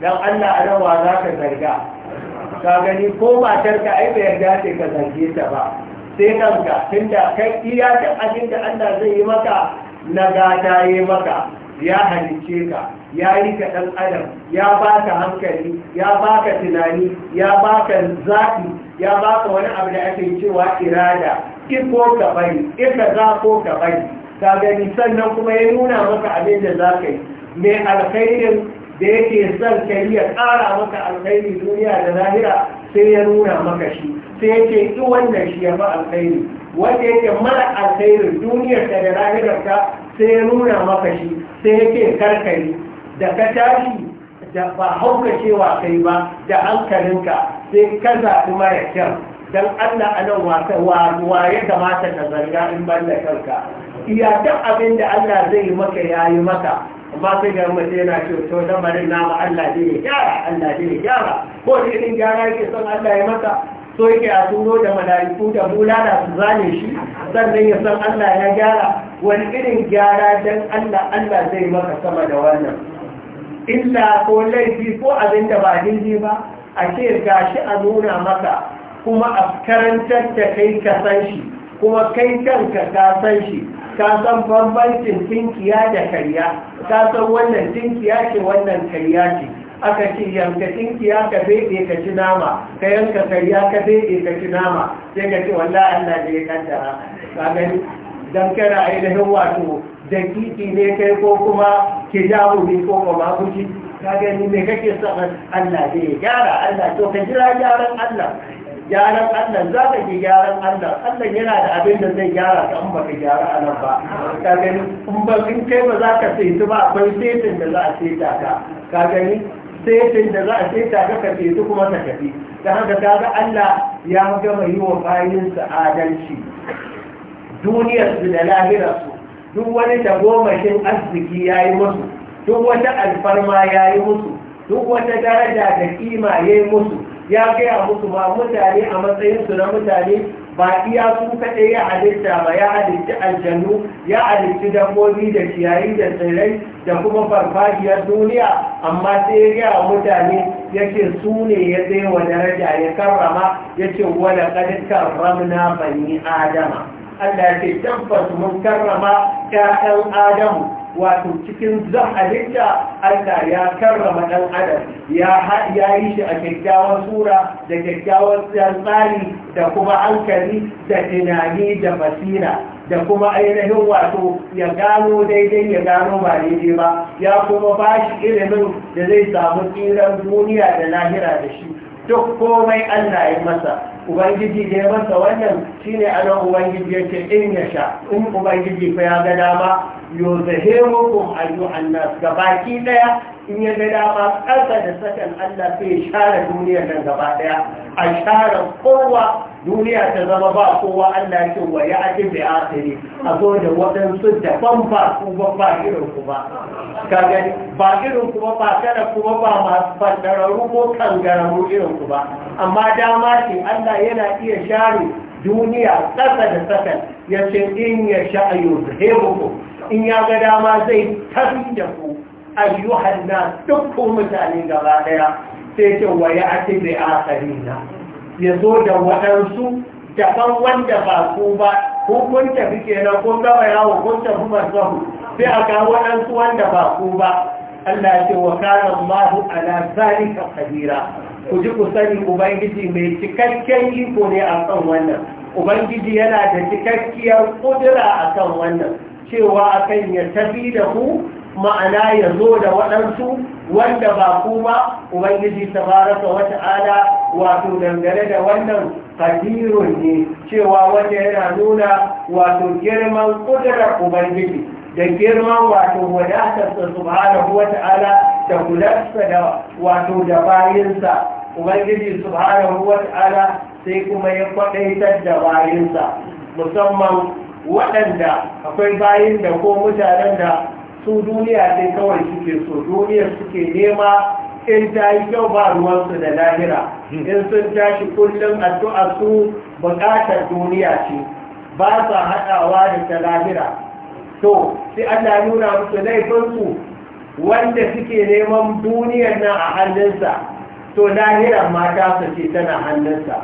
don allah a rawa za ka zarga ka gani ko matarka ai bai yarda ce ka zarge ta ba sai kanka tunda kai iya ta abin da allah zai yi maka na gata yi maka ya halice ka ya yi ka ɗan adam ya baka hankali ya baka tunani ya baka zafi, ya baka wani abu da ake cewa irada ko ka bari ka za ko ka bari ka gani sannan kuma ya nuna maka abin da za ka yi mai alkhairin da yake son kai ya ƙara maka alkhairi duniya da lahira sai ya nuna maka shi sai yake ki wannan shi ya fi alkhairi wanda yake mara alkhairin duniyar da lahirar ka sai ya nuna maka shi sai yake karkari da ka tashi da ba hauka cewa kai ba da hankalinka sai ka zaɓi mara kyau don allah a nan wa ya kamata ka zarga in ban da kanka iya ta abin da Allah zai maka ya yi maka amma sai ga mace yana ce to lamarin nama Allah zai gyara Allah zai gyara ko da irin gyara yake son Allah ya maka so yake a turo da mala'iku da bulala su zane shi sannan ya san Allah ya gyara wani irin gyara dan Allah Allah zai maka sama da wannan illa ko laifi ko abin da ba daidai ba a ce gashi a nuna maka kuma a karantar da kai ka san shi kuma kai kanka ka san shi ka san bambancin tinkiya da karya ka san wannan tinkiya ce wannan karya ce aka ce yanka tinkiya ka bebe ka ci nama ka yanka karya ka bebe ka ci nama sai ka ce wallahi Allah ne ya kaddara ka gani dan kana ainihin wato dakiki ne kai ko kuma jawo ne ko kuma kuci ka gani me kake son Allah ne gyara Allah to ka jira gyaran Allah gyaran Allah za ka ke gyaran Allah Allah yana da abin da zai gyara ka in baka gyara nan ba ka gani in ba in kai ba za ka saitu ba akwai setin da za a saita ka ka gani setin da za a saita ka ka saitu kuma ka tafi da haka ka ga Allah ya gama yi wa bayinsa adalci duniyar su da lahirar su duk wani tagomashin arziki ya yi musu duk wata alfarma ya yi musu duk wata daraja da kima ya yi musu ya gaya musu ba mutane a matsayinsu na mutane ba iya su kaɗai ya halitta ba ya halitta aljanu ya halitta dabbobi da ciyayi da tsirrai da kuma farfajiyar duniya amma sai ya gaya mutane ya ce su ne ya tsaye wa daraja ya karrama ya ce wani ƙadin ramna bani adama Allah ya ce tabbas mun karrama 'ya'yan adamu wato cikin zan halitta Allah ya karrama ɗan adam ya yi shi a kyakkyawar sura da kyakkyawar tsari da kuma hankali da tunani da basira da kuma ainihin wato ya gano daidai ya gano ba daidai ba ya kuma ba shi ilimin da zai samu tsiran duniya da lahira da shi duk komai Allah ya masa ubangiji da ya masa wannan shine ana ubangiji ya ce in ya sha in ubangiji fa ya ga dama ayu ayyuhan ga baki daya in ya ga dama ƙasa da sakan Allah sai share duniya nan gaba daya a share kowa duniya ta zama ba kowa Allah ce wa ya ake bai asiri a zo da waɗansu daban ba ku ba ba irin ku ba ka gani ba irin ku ba ba kada ku ba masu fadararru ko kangararru irin ku ba amma dama ce Allah yana iya share duniya ƙasa da sakan ya ce in ya sha'ayu zuhebuku in ya ga dama zai tafi da ku ayyuhan na dukkan mutane gaba daya sai ce wa ya ake da akarina ya zo da waɗansu daban wanda ba ku ba ko kun tafi kenan ko gaba yawo ko tafi masu sai a ga waɗansu wanda ba ku ba Allah ce wa kana Allahu ala zalika qadira ku ji ku sani ubangiji mai cikakken iko ne a kan wannan ubangiji yana da cikakkiyar kudura a kan wannan cewa akan ya tafi da ku ma'ana ya zo da waɗansu wanda ba ku ba ubangiji ta wata ala wato dangane da wannan kadirun ne cewa wanda yana nuna wato girman kudurar ubangiji da girman wato wadatarsa subhanahu wa ta'ala da kularsa da wato da bayinsa ubangiji subhanahu wa ta'ala sai kuma ya kwaɗaitar da bayinsa musamman waɗanda akwai bayin da ko mutanen da su duniya ne kawai suke so duniya suke nema in ta yi kyau ba ruwansu da lahira in sun tashi kullum addu'a su bukatar duniya ce ba sa haɗawa da ta lahira to sai Allah nuna musu laifinsu wanda suke neman duniyar nan a hannunsa to lahirar mata su ce tana hannunsa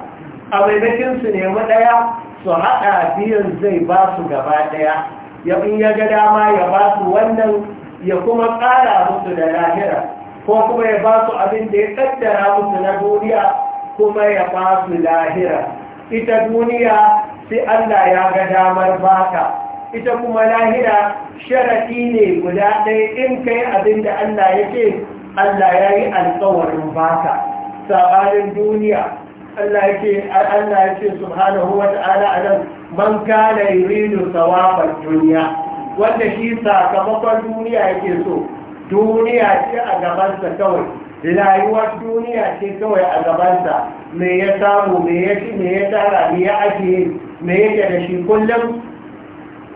a maimakin su nemi ɗaya su haɗa biyan zai ba su gaba ɗaya ya in ya ga dama ya ba su wannan ya kuma ƙara musu da lahira ko kuma ya ba su abin da ya kaddara musu na duniya kuma ya ba su lahira ita duniya sai Allah ya ga damar baka ita kuma lahira sharaɗi ne guda ɗaya in kai abin da Allah ya ce Allah ya yi alkawarin baka saɓanin duniya Allah ya ce subhanahu wa ta'ala a nan man kana yuridu sawabar duniya wanda shi sakamakon duniya yake so duniya ce a gabansa kawai rayuwar duniya ce kawai a gabansa me ya samu me ya ci me ya tara me ya ajiye me ya da shi kullum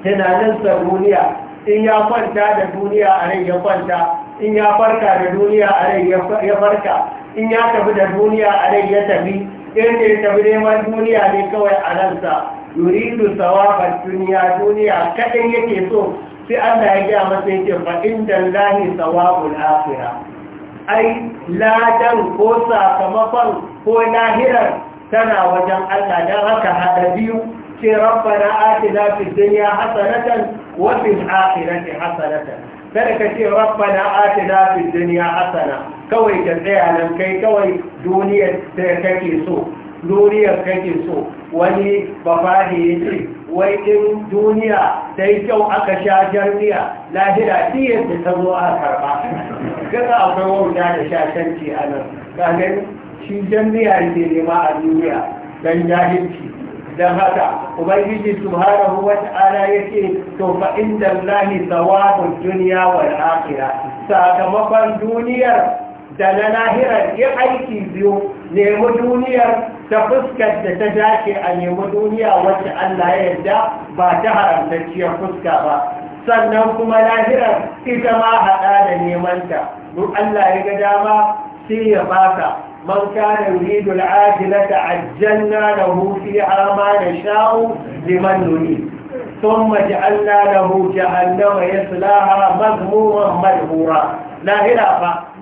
tunaninsa duniya in ya kwanta da duniya a rai ya kwanta in ya farka da duniya a rai ya farka in ya tafi da duniya a rai ya tafi in ya tafi neman duniya ne kawai a ransa yuridu sawabar duniya duniya kaɗan yake so sai Allah ya gaya masa yake faɗin lahi sawabul akhira ai ladan ko sakamakon ko lahirar tana wajen Allah don haka haɗa biyu ce rabbana atina fid dunya hasanatan wa fil akhirati hasanatan kada ka ce rabbana atina fid dunya hasana kawai ka tsaya nan kai kawai duniyar da kake so duniyar kake so wani bafahi ya ce wai in duniya dai kyau aka sha jarmiya lahira diyar da ta zo a karba gaza akwai wauta da shashanci a nan kagan shi jarmiya yake nema a duniya don jahilci don haka ubangiji subhanahu wa ta'ala yake to fa inda lahi sawabul duniya wal akhirah sakamakon duniyar da na lahirar aiki biyu nemi duniyar ta fuskar da ta dace a nemi duniya wacce Allah ya yarda ba ta haramtacciyar fuska ba sannan kuma lahirar ita ma haɗa da nemanta duk Allah ya ga dama sai ya baka man kana yuridu al'ajilata ajjalna lahu fiha ma nasha'u liman nurid ثم جعلنا له جهنم يصلاها مذموما مدحورا لا هنا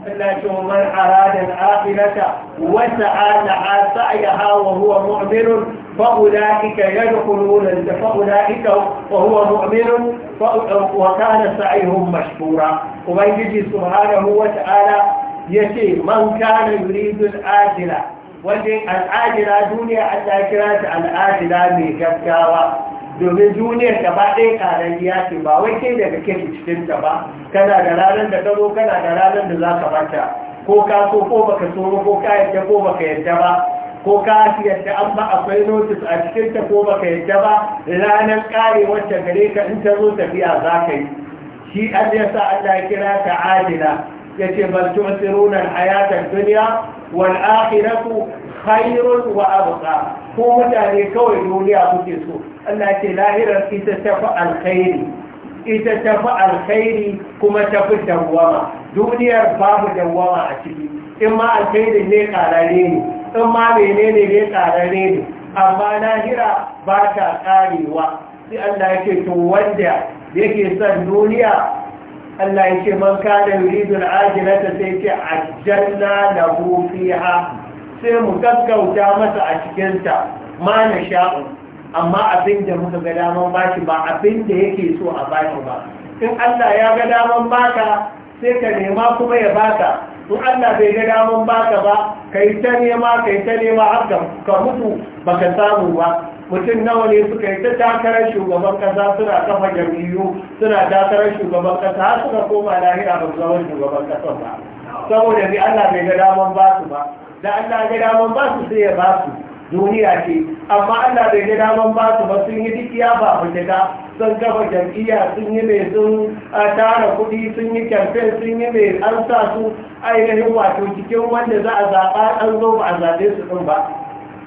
التي من أراد الآخرة وسعى لها سعيها وهو مؤمن فأولئك يدخلون فأولئك وهو مؤمن وكان سعيهم مشكورا ومن يجي سبحانه وتعالى يتي من كان يريد الآخرة والآخرة دنيا الآخرة الآخرة من كبكاوة domin duniyar ba ɗaya ƙarariya ce ba wai ke daga ke cikin ta ba kana da ranar da ɗaro, kana da ranar da za ka bata ko ka so ko baka so ko ka yadda ko baka yadda ba ko ka yadda an ba akwai notis a cikin ta ko baka yadda ba ranar ƙare wacce gare ka in ta zo tafiya za ka yi shi an ya sa Allah ya kira ta adina ya ce bal tu'siruna al-hayata duniya, wal akhiratu khairun wa abqa ko mutane kawai duniya kuke so Allah ce lahirar ita tafi alkhairi ita tafi alkhairi kuma tafi dawwama duniyar babu dawwama a ciki in ma alkhairi ne karare ne in ma menene ne karare ne amma lahira ba ta karewa sai Allah yake to wanda yake son duniya Allah yake man kana yuridul ajilata sai yake ajjalna lahu fiha sai mu gaggauta masa a cikin ta ma na amma abin da muka ga daman baki ba abin da yake so a baki ba in Allah ya ga daman baka sai ka nema kuma ya baka in Allah bai ga daman baka ba kai ta nema kai ta nema har ka mutu baka samu ba mutum nawa ne suka yi ta takarar shugaban kasa suna kafa jam'iyyu suna takarar shugaban kasa har suka koma lahira ba su zama shugaban kasa ba saboda bi Allah bai ga daman ba ba da Allah ga daman ba sai ya ba duniya ce amma ana da ga daman ba su ba sun yi dukiya ba a fitila sun kafa jam'iyya sun yi mai sun tara kuɗi sun yi kyamfen sun yi mai an sa su ainihin wato cikin wanda za a zaɓa an zo ba a zaɓe su ɗin ba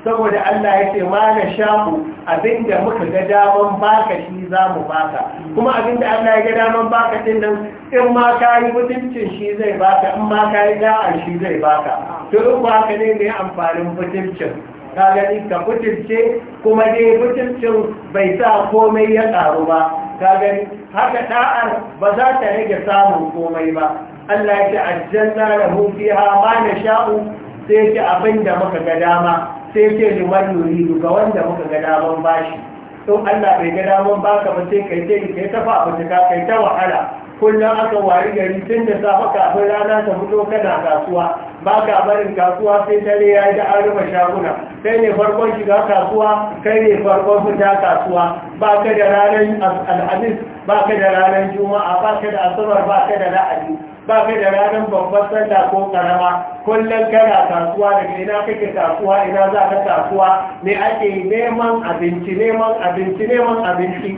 saboda Allah ya ce ma na shaku, abinda muka ga daman baka shi za mu baka kuma abinda Allah ya ga daman baka din nan in ma ka yi mutuncin shi zai baka in ma ka yi da'ar shi zai baka to in ba ka ne mai amfanin mutuncin ka gani ka mutunce kuma dai mutuncin bai sa komai ya ƙaru ba ka gani haka ɗa'ar ba za ta rage samun komai ba Allah ya ce da hufi ha ma sha'u sai ce abin da muka ga dama sai ce liman nuridu ga wanda muka ga daman bashi to Allah bai ga daman baka ba sai kai sai kai ta fafa ta kai ta wahala kullum aka wari gari tun da safa kafin rana ta fito kana kasuwa ba ka barin kasuwa sai tare ya yi da an rufe shaguna kai ne farkon shiga kasuwa kai ne farkon fita kasuwa ba ka da ranar al'adis ba ka da ranar juma'a ba ka da asabar ba ka da la'adis ba ka da ranar babban sallah ko karama kullum kana kasuwa daga ina kake kasuwa ina za ka kasuwa me ake neman abinci neman abinci neman abinci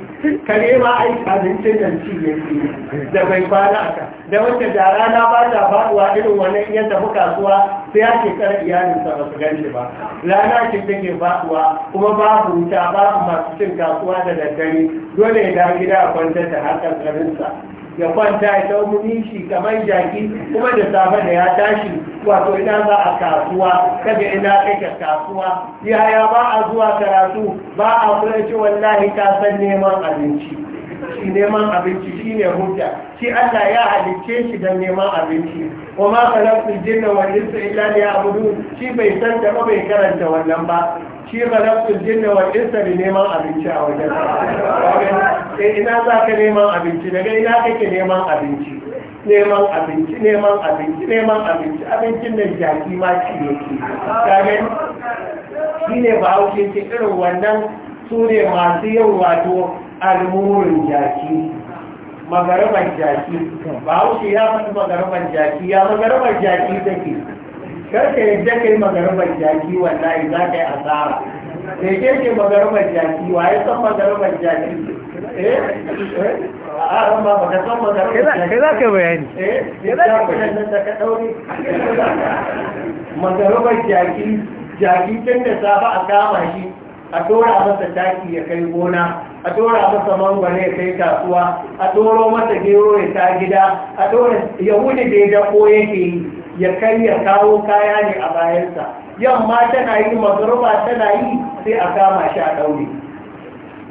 ka nema aiki abincin nan ci yake da bai fara aka da wata da rana ba ta faduwa irin wani ya tafi kasuwa sai ake kar iyalinsa ba su ganshi ba rana ce take faduwa kuma babu wuta babu masu cin kasuwa da daddare dole ya da gida a kwanta da har sa ya kwanta ya sau shi kamar jaki kuma da safe da ya tashi wato ina za a kasuwa kada ina kai ka kasuwa yaya ba a zuwa karatu ba a kula ce wallahi ka san neman abinci shi neman abinci shi ne hujja shi Allah ya halicce shi don neman abinci wa ma khalaqtul jinna wal insa illa liya'budun shi bai san da ba bai karanta wannan ba shi khalaqtul jinna wal insa ne neman abinci a wajen sai eh, ina za ka neman abinci daga ina kake neman abinci neman abinci neman abinci neman abinci abincin da jaki ma ci yake kage shi ne ba hauke ke irin wannan su ne masu yin wato almurin jaki magarabar jaki ba wuce ya mutu magarabar jaki ya magarabar jaki take karka yadda kai magarabar jaki wallahi za ka yi asara da ke ke magarabar jaki wa ya san magarabar jaki eh Eh? a ba ka san magarabar jaki kai za ka bayani eh da ka dauri magarabar jaki jaki tun da safa a kama shi a dora masa taki ya kai gona a dora masa mangwane ya kai kasuwa a doro masa gero ya ta gida a dora yahudi da ya dako yake yi ya kai ya kawo kaya ne a bayansa yamma tana yi mazaruba tana yi sai a kama shi a ɗaure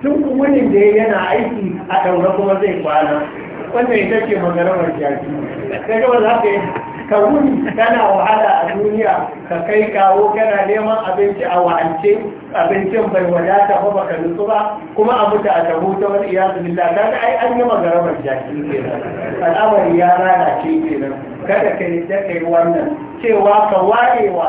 tun wunin da ya yana aiki a ɗaure kuma zai kwana wannan ita ce magarawar jaki daga ka wuni kana wahala a duniya ka kai kawo kana neman abinci a wa'ance abincin bai wadata ba baka nutsu ba kuma a mutu a tabo ta wani iya ta ai an yi magarabar jaki kenan al'amari ya lalace kenan kada ka yi ta wannan cewa ka warewa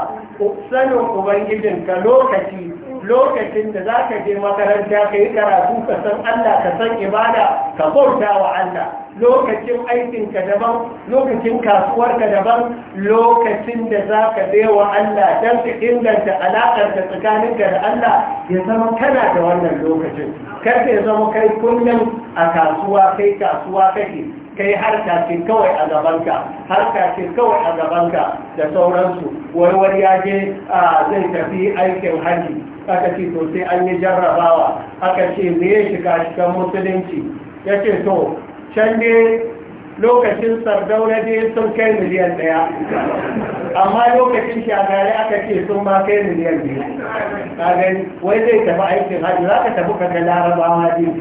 sanin ubangijin ka lokaci lokacin da za ka je makaranta ka yi karatu ka san Allah ka san ibada ka bauta wa Allah lokacin aikinka daban lokacin kasuwarka daban lokacin da za ka wa Allah don ka inganta tsakanin tsakaninka da Allah ya zama kana da wannan lokacin kar ka zama kai kullum a kasuwa kai kasuwa kake kai har ce kawai a gabanka har ce kawai a gabanka da sauransu warwar ya je zai tafi aikin hajji aka ce to sai an yi jarrabawa aka ce me ya shiga shigan musulunci ya ce to can dai lokacin sardauna dai sun kai miliyan daya amma lokacin shagari aka ce sun ma kai miliyan biyu kagan wai zai tafi aikin hajji za ka tafi kaga larabawa biyu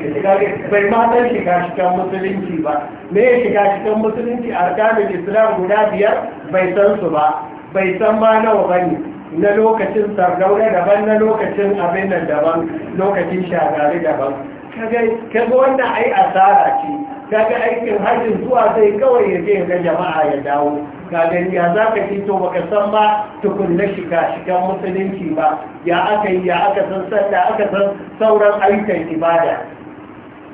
bai ma san shiga cikin musulunci ba me ya shiga cikin musulunci a kamar islam guda biyar bai san su ba bai san ma nawa ba ne na lokacin sardauna daban na lokacin abin nan daban lokacin shagari daban kaga wannan ai asara ce kaga aikin hajjin zuwa zai kawai ya je ga jama'a ya dawo kaga ya za ka fito baka san ba tukunna shiga shigan musulunci ba ya aka yi ya aka san sallah aka san sauran ayyukan ibada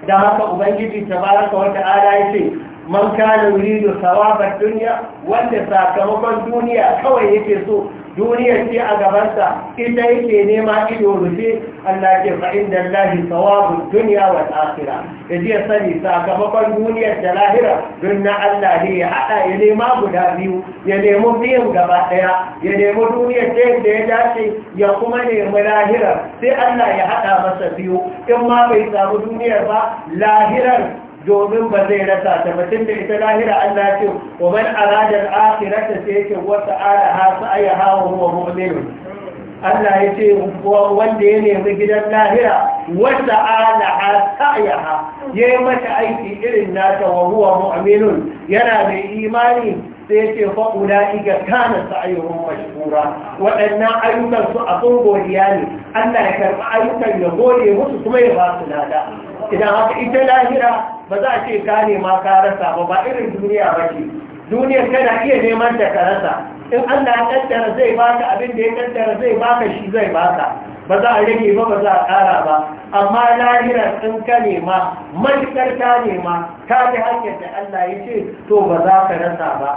da haka ubangiji tabaraka wa ta'ala yace man kana yuridu thawaba dunya wanda sakamakon duniya kawai yake so duniyar ce a gabansa ita yake nema ido rufe Allah ke fa'in da lahi sawabun duniya wa tsakira da jiya sani sakamakon duniyar da lahira don na Allah ne ya haɗa ya nema guda biyu ya nemi biyan gaba ɗaya ya nemi duniyar ta yadda ya dace ya kuma nemi lahira sai Allah ya haɗa masa biyu in ma bai samu duniyar ba lahirar domin ba zai rasa ta mutum da ita lahira Allah ce wa man arada akhirata sai yake wa ta'ala ha wa huwa mu'min Allah ya ce wanda ya nemi gidan lahira wa ta'ala ha sa'ayaha yayi mata aiki irin nata wa huwa mu'min yana mai imani sai yake fa'ula iga kana sa'ayuhum mashkura waɗannan ayyukan su a godiya ne Allah ya karɓi ayyukan ya gode musu kuma ya ba su lada idan haka ita lahira ba za a ce ka nema ka rasa ba ba irin duniya ba ce duniya kana iya neman ta ka rasa in Allah ya kaddara zai baka abin da ya kaddara zai baka shi zai baka ba za a rage ba ba za a ƙara ba amma lahira in ka nema matukar ka nema ka ji hanyar da Allah ya ce to ba za ka rasa ba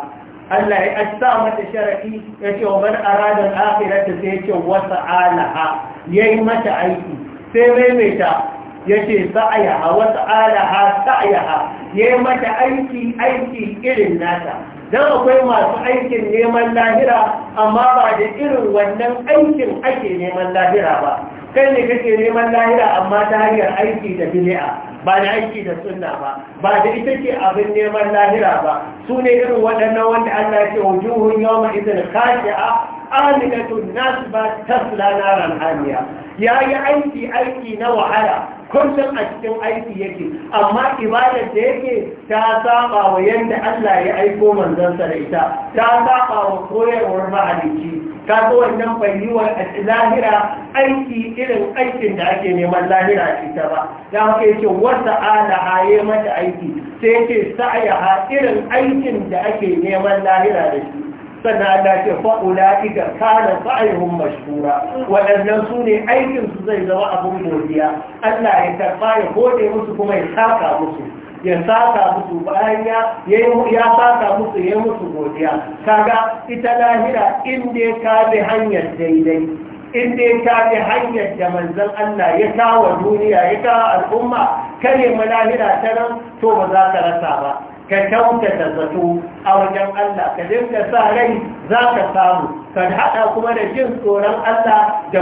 Allah ya sa mata sharafi ya ce wa man arada akhirata sai ya ce wasa alaha yayi mata aiki sai maimaita yake sa'ayaha wa ta'alaha sa'ayaha yayi mata aiki aiki irin nata dan akwai masu aikin neman lahira amma ba da irin wannan aikin ake neman lahira ba kai ne kake neman lahira amma ta hanyar aiki da bili'a ba da aiki da sunna ba ba da ita ce abin neman lahira ba su ne irin waɗannan wanda Allah ce wujuhun yawma idin khashi'a aminatun nas ba tasla naran hamiya ya yi aiki aiki na wahala kullum a cikin aiki yake amma ibadar da yake ta saba wa Allah ya aiko manzon sa da ita ta saba wa koyarwar mahalicci Ta ga wannan bayyuwar lahira aiki irin aikin da ake neman lahira ita ba da haka yake wata ala haye mata aiki sai ce sa'ayaha irin aikin da ake neman lahira da shi sannan Allah ce fa'ula iga kana sa'ayuhum mashura. waɗannan su ne aikin su zai zama abin godiya Allah ya karɓa ya gode musu kuma ya saka musu ya saka musu bayan ya saka musu ya musu godiya kaga ita lahira in dai ka bi hanyar daidai in dai ka bi hanyar da manzon Allah ya kawo duniya ya kawo al'umma ka nemi lahira ta nan to ba za ka rasa ba ka kyautata zato a wajen Allah ka dinka sa rai za ka samu ka haɗa kuma da jin tsoron Allah da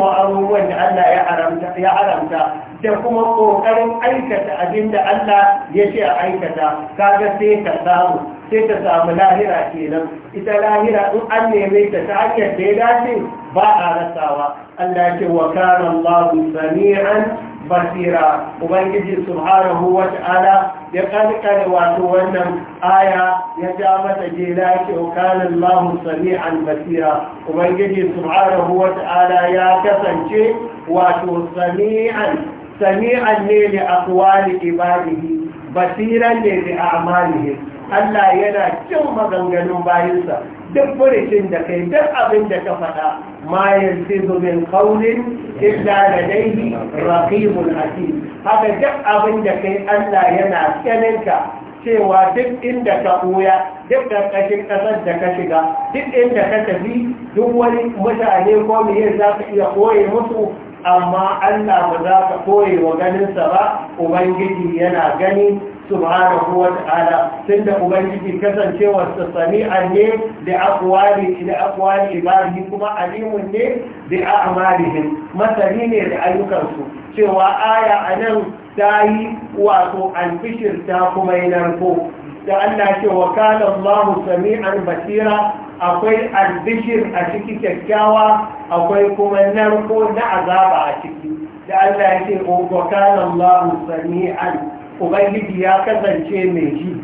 wa abubuwan da Allah ya haramta da kuma ƙoƙarin aikata abin da Allah ya ce a aikata ga sai ka samu sai ta samu lahira kenan ita lahira in an neme ta ta hanyar da ya dace ba a rasawa Allah ce wa kana Allahu sami'an basira ubangiji subhanahu ta'ala ya karkare wato wannan aya ya ja mata jela ke kana Allahu sami'an basira ubangiji subhanahu ta'ala ya kasance wato sami'an sami'an ne li aqwali ibadihi basiran ne a a'malihi Allah yana jin maganganun bayinsa duk furishin da kai duk abin da ka faɗa ma yanzu zumin kaunin illa da daihi raqibul asid haka duk abin da kai Allah yana tsaninka cewa duk inda ka ɓuya duk ƙasar da ka shiga duk inda ka tafi duk wani mutane ko miye za ka iya koye musu amma Allah ba za ka koye wa ganinsa ba Ubangiji yana gani subhanahu wa ala. tunda ubangiji kasancewar sa sami'a ne da aqwali da aqwali ibadihi kuma alimun ne da a'malihim masani ne da ayyukan su cewa aya anan ta yi wato albishir ta kuma yi narko da Allah ce wa kana Allahu sami'an basira akwai albishir a ciki kyakkyawa akwai kuma narko na azaba a ciki da Allah ya ce wa kana Allahu sami'an ubangiji ya kasance mai ji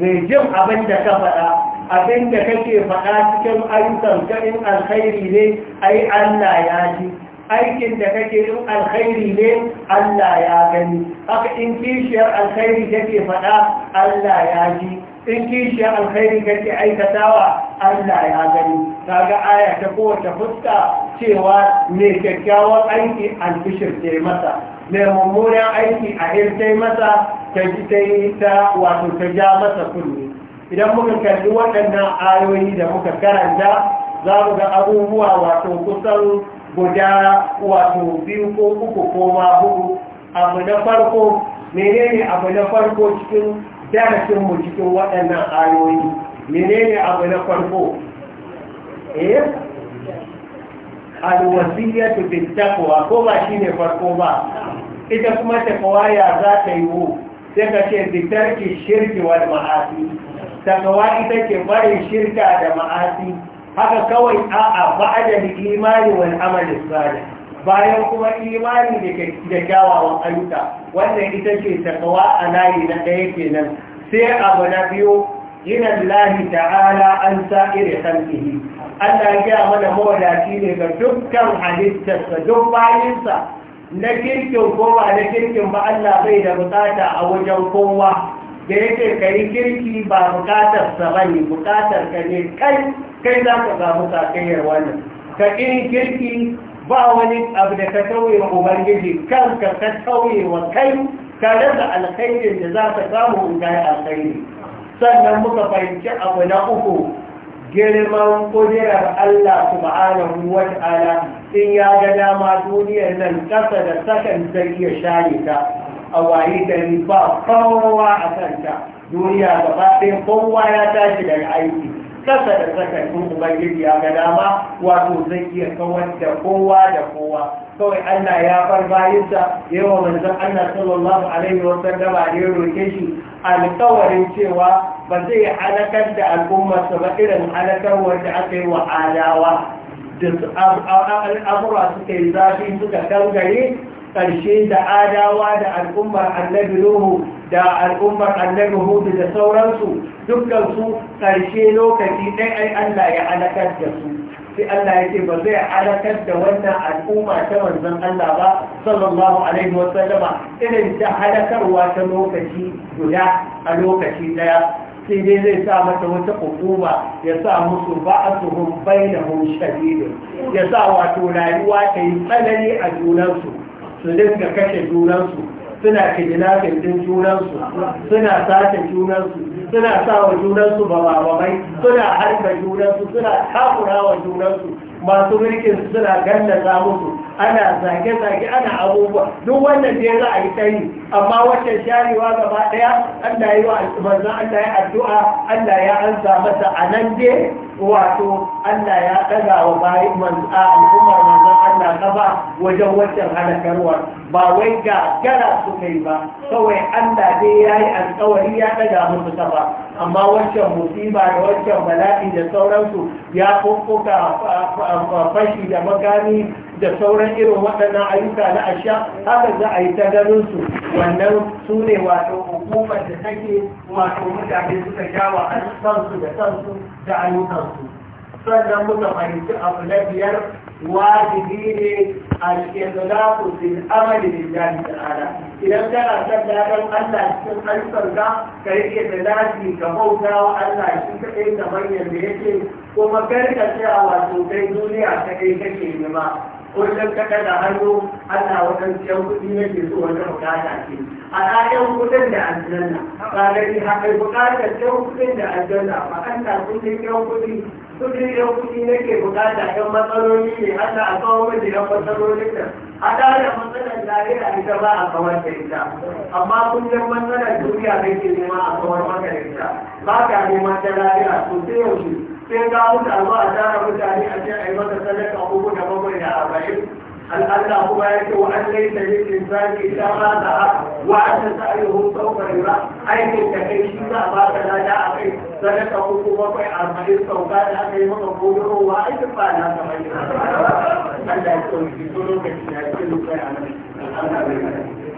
zai jin abin da ka faɗa abin da kake faɗa cikin ayyukan ka in alkhairi ne ai Allah ya ji aikin da kake in alkhairi ne Allah ya gani haka in kishiyar alkhairi kake faɗa Allah ya ji in kishiyar alkhairi kake aikatawa Allah ya gani Ta aya ta kowace fuska cewa mai kyakkyawan aiki albishir ke masa mai mummunan aiki a irtai masa ta ji ta yi ta wato ta ja masa kunne idan muka kalli waɗannan ayoyi da muka karanta za mu ga abubuwa wato kusan guda wato biyu ko uku ko ma hudu abu na farko menene abu na farko cikin darasin mu cikin waɗannan ayoyi menene abu na farko eh alwasiyatu bi takwa ko ba shine farko ba ita kuma ta ya za ta yi wu sai ka ce tarki shirki wal ma'asi taqwa ita ke bari shirka da ma'asi haka kawai a'a da imani wal amali salih bayan kuma imani da kyawawan ayyuka wannan ita ce taqwa a layi na ɗaya kenan sai abu na biyu yin Allah ta'ala an sa'ir khalqihi Allah gaya mana mawadaci ne ga dukkan halittarsa duk bayinsa na kirkin kowa na kirkin ba Allah bai da bukata a wajen kowa da yake ka yi kirki ba bukatarsa ba ne bukatar ka ne kai kai za ka samu sakayyar wannan ka in kirki ba wani abu da ka tauye wa ubangiji kanka ka tauye wa kai ka rasa alkhairin da za ka samu in kai alkhairi sannan muka fahimci abu na uku girman kujerar Allah subhanahu wa ta'ala in ya ga dama duniyar nan kasa da sakan zai iya share ta a waye gari ba kowa a kanta duniya gaba ɗaya kowa ya tashi daga aiki kasa da sakan sun ubangiji ya ga dama wato zai iya kawar da kowa da kowa kawai Allah ya far bayinsa yawa manzon Allah sallallahu alaihi wa sallama ne roke shi alkawarin cewa ba zai halakar da al'ummarsa ba irin halakarwar da aka yi wa adawa da al'amura suka yi zafi suka gangare ƙarshe da adawa da al'ummar annabi nuhu da al'ummar annabi hudu da sauransu dukkan su ƙarshe lokaci ɗai ai allah ya halakar da su sai Allah yake ba zai halakar da wannan al'umma ta manzon Allah ba sallallahu alaihi wa sallama irin ta halakarwa ta lokaci guda a lokaci daya sai dai zai sa mata wata hukuma ya sa musu ba'asuhum bainahum shadid ya sa wato rayuwa ta yi tsanani a junansu su dinga kashe junansu suna kidnapping din junansu suna sace junansu suna sa wa junansu ba ba suna harba junansu suna takura wa junansu masu mulkin suna gallaza musu ana zage-zage ana abubuwa duk wannan da za a yi tsayi amma wacce sharewa gaba daya da yi wa an da ya addu'a an da ya ansa masa a nan je. wato da ya daga wa bayin manzon al'ummar maza Allah gaba wajen waccan halakarwa ba wai ga gara su kai ba kawai Allah dai ya yi alƙawari ya ɗaga musu ta amma wancan musiba da wancan bala'i da sauransu ya kokoka fashi da magani da sauran irin waɗannan ayyuka na asha haka za a yi ta ganin su wannan su ne wato hukumar da take wato mutane suka jawa a kansu da kansu da ayyukansu sannan muka fahimci abu na biyar wajibi ne al-ikhlasu fil amali lillahi ta'ala idan kana son dadan Allah cikin alfarka ka yi ikhlasi ka bauta wa Allah shi kadai kamar yadda yake kuma kar ka ce a wato kai duniya kadai kake nema kullum ka kada hannu Allah wadancan kuɗi yake so wata bukata ke. a kayan kudin da aljanna ba da ni haɗai buƙatar yan da aljanna ba an ta kudin yan kudi kudin yan kudi nake buƙata yan matsaloli ne ana a kawo miji yan matsalolin nan a da matsalar lahira ita ba a kawar da ita amma kullum matsalar duniya nake nema a kawar maka da ita ba ka neman ta lahira sosai yau, sai ga mutu a tara mutane a ce a yi masa sadaka uku da bakwai da arba'in أن الله هو وأن ليس للإنسان إلا ما ذهب وأن سعيه سوف يرى أي من تكيش إذا أباك لا جاء أخي سنته قوة أربعين سوكان أخي مقبوله وأي فانا سمعين أن لا يكون في سلوك الشيء سلوك أنا